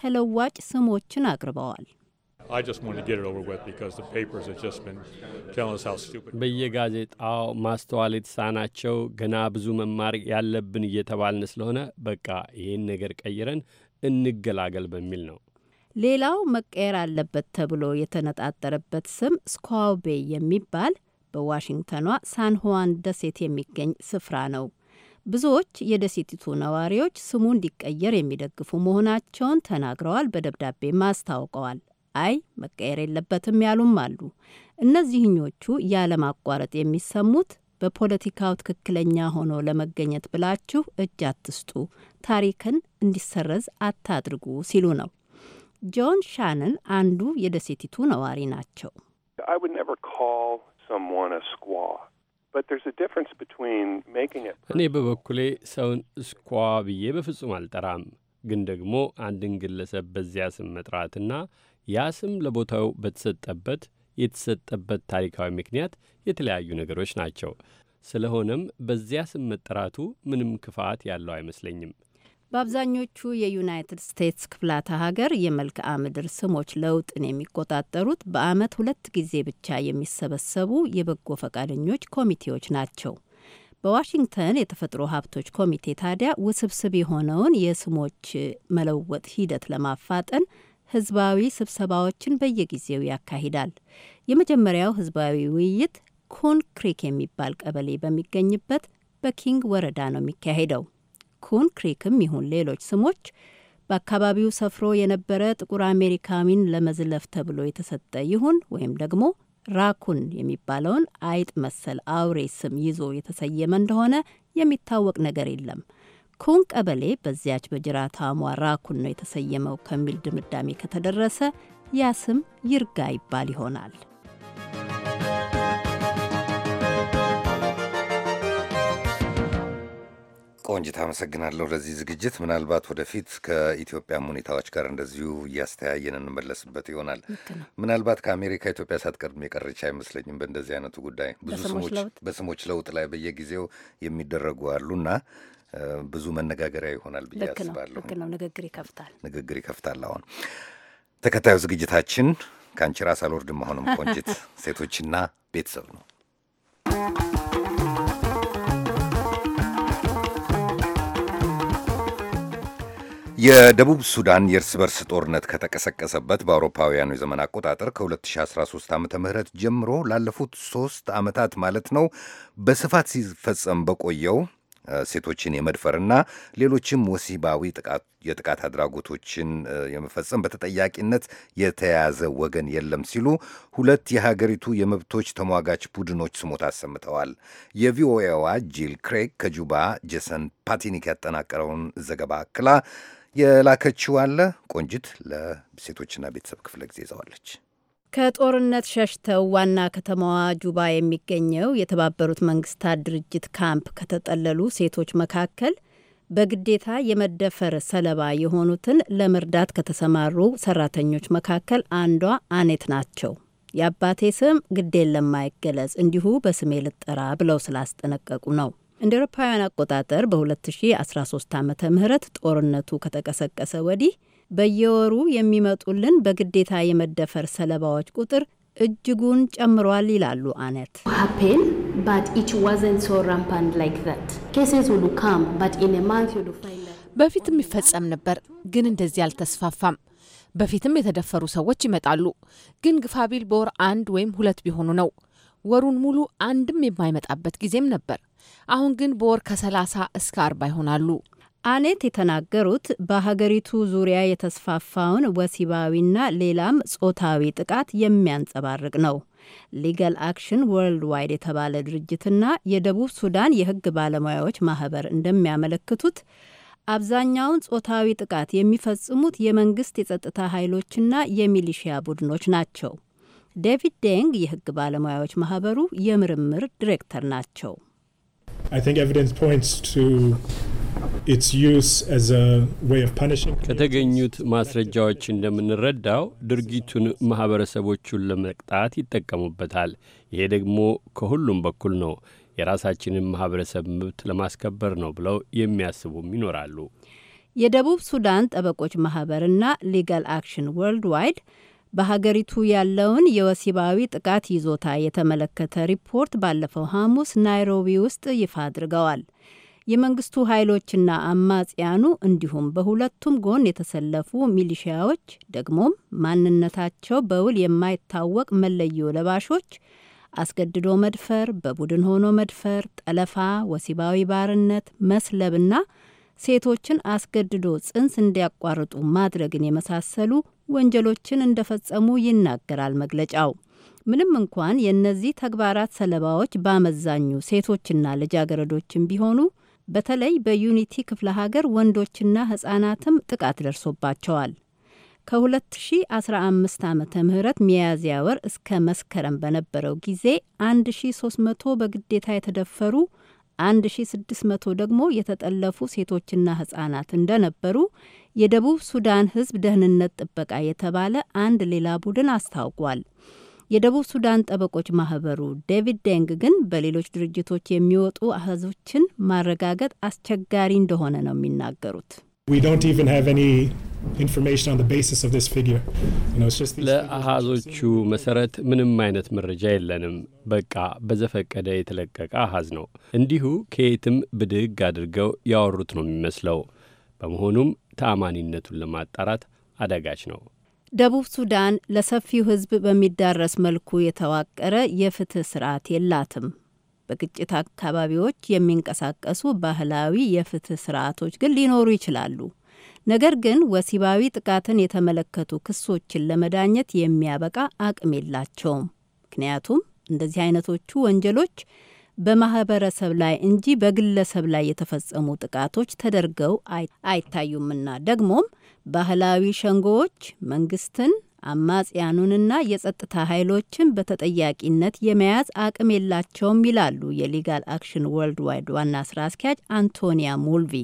ተለዋጭ ስሞችን አቅርበዋል። በየጋዜጣው ማስተዋል የተሳናቸው ገና ብዙ መማር ያለብን እየተባልን ስለሆነ በቃ ይህን ነገር ቀይረን እንገላገል በሚል ነው። ሌላው መቀየር አለበት ተብሎ የተነጣጠረበት ስም ስኳቤ የሚባል በዋሽንግተኗ ሳንሁዋን ደሴት የሚገኝ ስፍራ ነው። ብዙዎች የደሴቲቱ ነዋሪዎች ስሙ እንዲቀየር የሚደግፉ መሆናቸውን ተናግረዋል፣ በደብዳቤም አስታውቀዋል። አይ መቀየር የለበትም ያሉም አሉ። እነዚህኞቹ ያለማቋረጥ የሚሰሙት በፖለቲካው ትክክለኛ ሆኖ ለመገኘት ብላችሁ እጅ አትስጡ፣ ታሪክን እንዲሰረዝ አታድርጉ ሲሉ ነው። ጆን ሻነን አንዱ የደሴቲቱ ነዋሪ ናቸው። እኔ በበኩሌ ሰውን እስኳ ብዬ በፍጹም አልጠራም። ግን ደግሞ አንድን ግለሰብ በዚያ ስም መጥራትና ያ ስም ለቦታው በተሰጠበት የተሰጠበት ታሪካዊ ምክንያት የተለያዩ ነገሮች ናቸው። ስለሆነም በዚያ ስም መጠራቱ ምንም ክፋት ያለው አይመስለኝም። በአብዛኞቹ የዩናይትድ ስቴትስ ክፍላተ ሀገር የመልክዓ ምድር ስሞች ለውጥን የሚቆጣጠሩት በዓመት ሁለት ጊዜ ብቻ የሚሰበሰቡ የበጎ ፈቃደኞች ኮሚቴዎች ናቸው። በዋሽንግተን የተፈጥሮ ሀብቶች ኮሚቴ ታዲያ ውስብስብ የሆነውን የስሞች መለወጥ ሂደት ለማፋጠን ህዝባዊ ስብሰባዎችን በየጊዜው ያካሂዳል። የመጀመሪያው ህዝባዊ ውይይት ኩን ክሪክ የሚባል ቀበሌ በሚገኝበት በኪንግ ወረዳ ነው የሚካሄደው። ኩን ክሪክም ይሁን ሌሎች ስሞች በአካባቢው ሰፍሮ የነበረ ጥቁር አሜሪካዊን ለመዝለፍ ተብሎ የተሰጠ ይሁን ወይም ደግሞ ራኩን የሚባለውን አይጥ መሰል አውሬ ስም ይዞ የተሰየመ እንደሆነ የሚታወቅ ነገር የለም። ኩን ቀበሌ በዚያች በጅራታ አሟራ ኩን ነው የተሰየመው ከሚል ድምዳሜ ከተደረሰ ያ ስም ይርጋ ይባል ይሆናል። ቆንጅት አመሰግናለሁ ለዚህ ዝግጅት። ምናልባት ወደፊት ከኢትዮጵያም ሁኔታዎች ጋር እንደዚሁ እያስተያየን እንመለስበት ይሆናል። ምናልባት ከአሜሪካ ኢትዮጵያ ሳትቀድም የቀረች አይመስለኝም። በእንደዚህ አይነቱ ጉዳይ ብዙ ስሞች በስሞች ለውጥ ላይ በየጊዜው የሚደረጉ አሉና ብዙ መነጋገሪያ ይሆናል ብዬ አስባለሁ። ልክ ነው። ንግግር ይከፍታል። ንግግር ይከፍታል። አሁን ተከታዩ ዝግጅታችን ከአንቺ ራስ አልወርድም መሆኑም ቆንጅት ሴቶችና ቤተሰብ ነው። የደቡብ ሱዳን የእርስ በርስ ጦርነት ከተቀሰቀሰበት በአውሮፓውያኑ የዘመን አቆጣጠር ከ2013 ዓ ም ጀምሮ ላለፉት ሶስት ዓመታት ማለት ነው በስፋት ሲፈጸም በቆየው ሴቶችን የመድፈርና ሌሎችም ወሲባዊ የጥቃት አድራጎቶችን የመፈጸም በተጠያቂነት የተያዘ ወገን የለም ሲሉ ሁለት የሀገሪቱ የመብቶች ተሟጋች ቡድኖች ስሞታ አሰምተዋል። የቪኦኤዋ ጂል ክሬግ ከጁባ ጄሰን ፓቲኒክ ያጠናቀረውን ዘገባ አክላ የላከችው አለ ቆንጅት ለሴቶችና ቤተሰብ ክፍለ ጊዜ ይዘዋለች። ከጦርነት ሸሽተው ዋና ከተማዋ ጁባ የሚገኘው የተባበሩት መንግስታት ድርጅት ካምፕ ከተጠለሉ ሴቶች መካከል በግዴታ የመደፈር ሰለባ የሆኑትን ለመርዳት ከተሰማሩ ሰራተኞች መካከል አንዷ አኔት ናቸው። የአባቴ ስም ግዴን ለማይገለጽ እንዲሁ በስሜ ልጠራ ብለው ስላስጠነቀቁ ነው። እንደ አውሮፓውያን አቆጣጠር በ2013 ዓ ም ጦርነቱ ከተቀሰቀሰ ወዲህ በየወሩ የሚመጡልን በግዴታ የመደፈር ሰለባዎች ቁጥር እጅጉን ጨምሯል ይላሉ አነት። በፊት የሚፈጸም ነበር፣ ግን እንደዚህ አልተስፋፋም። በፊትም የተደፈሩ ሰዎች ይመጣሉ፣ ግን ግፋቢል በወር አንድ ወይም ሁለት ቢሆኑ ነው። ወሩን ሙሉ አንድም የማይመጣበት ጊዜም ነበር። አሁን ግን በወር ከ30 እስከ 40 ይሆናሉ። አኔት የተናገሩት በሀገሪቱ ዙሪያ የተስፋፋውን ወሲባዊና ሌላም ጾታዊ ጥቃት የሚያንጸባርቅ ነው። ሊጋል አክሽን ወርልድ ዋይድ የተባለ ድርጅትና የደቡብ ሱዳን የሕግ ባለሙያዎች ማህበር እንደሚያመለክቱት አብዛኛውን ጾታዊ ጥቃት የሚፈጽሙት የመንግስት የጸጥታ ኃይሎችና የሚሊሺያ ቡድኖች ናቸው። ዴቪድ ዴንግ የሕግ ባለሙያዎች ማህበሩ የምርምር ዲሬክተር ናቸው። ከተገኙት ማስረጃዎች እንደምንረዳው ድርጊቱን ማኅበረሰቦቹን ለመቅጣት ይጠቀሙበታል። ይሄ ደግሞ ከሁሉም በኩል ነው። የራሳችንን ማኅበረሰብ መብት ለማስከበር ነው ብለው የሚያስቡም ይኖራሉ። የደቡብ ሱዳን ጠበቆች ማኅበርና ሊጋል አክሽን ወርልድ ዋይድ በሀገሪቱ ያለውን የወሲባዊ ጥቃት ይዞታ የተመለከተ ሪፖርት ባለፈው ሐሙስ ናይሮቢ ውስጥ ይፋ አድርገዋል። የመንግስቱ ኃይሎችና አማጽያኑ እንዲሁም በሁለቱም ጎን የተሰለፉ ሚሊሺያዎች ደግሞም ማንነታቸው በውል የማይታወቅ መለዮ ለባሾች አስገድዶ መድፈር፣ በቡድን ሆኖ መድፈር፣ ጠለፋ፣ ወሲባዊ ባርነት፣ መስለብና ሴቶችን አስገድዶ ጽንስ እንዲያቋርጡ ማድረግን የመሳሰሉ ወንጀሎችን እንደፈጸሙ ይናገራል መግለጫው። ምንም እንኳን የእነዚህ ተግባራት ሰለባዎች በአመዛኙ ሴቶችና ልጃገረዶችን ቢሆኑ በተለይ በዩኒቲ ክፍለ ሀገር ወንዶችና ህጻናትም ጥቃት ደርሶባቸዋል። ከ2015 ዓ ም ሚያዝያ ወር እስከ መስከረም በነበረው ጊዜ 1300 በግዴታ የተደፈሩ 1600 ደግሞ የተጠለፉ ሴቶችና ህጻናት እንደነበሩ የደቡብ ሱዳን ህዝብ ደህንነት ጥበቃ የተባለ አንድ ሌላ ቡድን አስታውቋል። የደቡብ ሱዳን ጠበቆች ማህበሩ ዴቪድ ደንግ ግን በሌሎች ድርጅቶች የሚወጡ አህዞችን ማረጋገጥ አስቸጋሪ እንደሆነ ነው የሚናገሩት። ለአሃዞቹ መሰረት ምንም አይነት መረጃ የለንም። በቃ በዘፈቀደ የተለቀቀ አሃዝ ነው። እንዲሁ ከየትም ብድግ አድርገው ያወሩት ነው የሚመስለው። በመሆኑም ተአማኒነቱን ለማጣራት አዳጋች ነው። ደቡብ ሱዳን ለሰፊው ሕዝብ በሚዳረስ መልኩ የተዋቀረ የፍትህ ስርዓት የላትም። በግጭት አካባቢዎች የሚንቀሳቀሱ ባህላዊ የፍትህ ስርዓቶች ግን ሊኖሩ ይችላሉ። ነገር ግን ወሲባዊ ጥቃትን የተመለከቱ ክሶችን ለመዳኘት የሚያበቃ አቅም የላቸውም። ምክንያቱም እንደዚህ አይነቶቹ ወንጀሎች በማህበረሰብ ላይ እንጂ በግለሰብ ላይ የተፈጸሙ ጥቃቶች ተደርገው አይታዩምና ደግሞም ባህላዊ ሸንጎዎች መንግስትን አማጽያኑንና የጸጥታ ኃይሎችን በተጠያቂነት የመያዝ አቅም የላቸውም ይላሉ የሊጋል አክሽን ወርልድ ዋይድ ዋና ስራ አስኪያጅ አንቶኒያ ሞልቪ።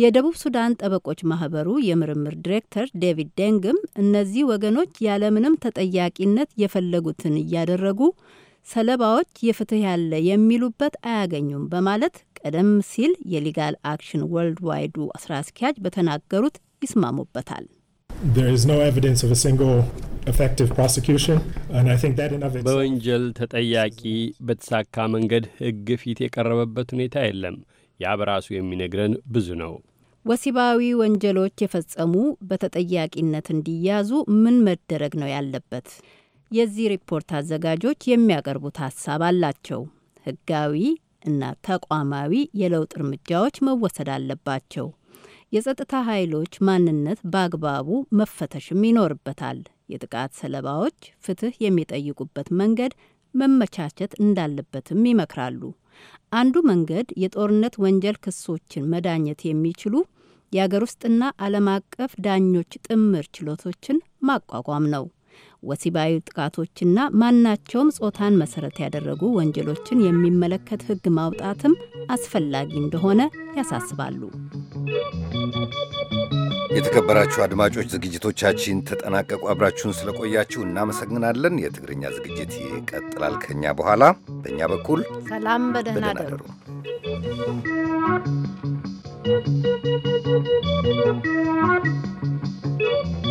የደቡብ ሱዳን ጠበቆች ማህበሩ የምርምር ዲሬክተር ዴቪድ ደንግም እነዚህ ወገኖች ያለምንም ተጠያቂነት የፈለጉትን እያደረጉ ሰለባዎች የፍትህ ያለ የሚሉበት አያገኙም በማለት ቀደም ሲል የሊጋል አክሽን ወርልድ ዋይዱ ስራ አስኪያጅ በተናገሩት ይስማሙበታል። በወንጀል ተጠያቂ በተሳካ መንገድ ህግ ፊት የቀረበበት ሁኔታ የለም። ያ በራሱ የሚነግረን ብዙ ነው። ወሲባዊ ወንጀሎች የፈጸሙ በተጠያቂነት እንዲያዙ ምን መደረግ ነው ያለበት? የዚህ ሪፖርት አዘጋጆች የሚያቀርቡት ሀሳብ አላቸው። ህጋዊ እና ተቋማዊ የለውጥ እርምጃዎች መወሰድ አለባቸው። የጸጥታ ኃይሎች ማንነት በአግባቡ መፈተሽም ይኖርበታል። የጥቃት ሰለባዎች ፍትህ የሚጠይቁበት መንገድ መመቻቸት እንዳለበትም ይመክራሉ። አንዱ መንገድ የጦርነት ወንጀል ክሶችን መዳኘት የሚችሉ የአገር ውስጥና ዓለም አቀፍ ዳኞች ጥምር ችሎቶችን ማቋቋም ነው። ወሲባዊ ጥቃቶችና ማናቸውም ጾታን መሰረት ያደረጉ ወንጀሎችን የሚመለከት ሕግ ማውጣትም አስፈላጊ እንደሆነ ያሳስባሉ። የተከበራችሁ አድማጮች ዝግጅቶቻችን ተጠናቀቁ። አብራችሁን ስለቆያችሁ እናመሰግናለን። የትግርኛ ዝግጅት ይቀጥላል ከኛ በኋላ። በእኛ በኩል ሰላም፣ በደህና ደሩ። Thank you.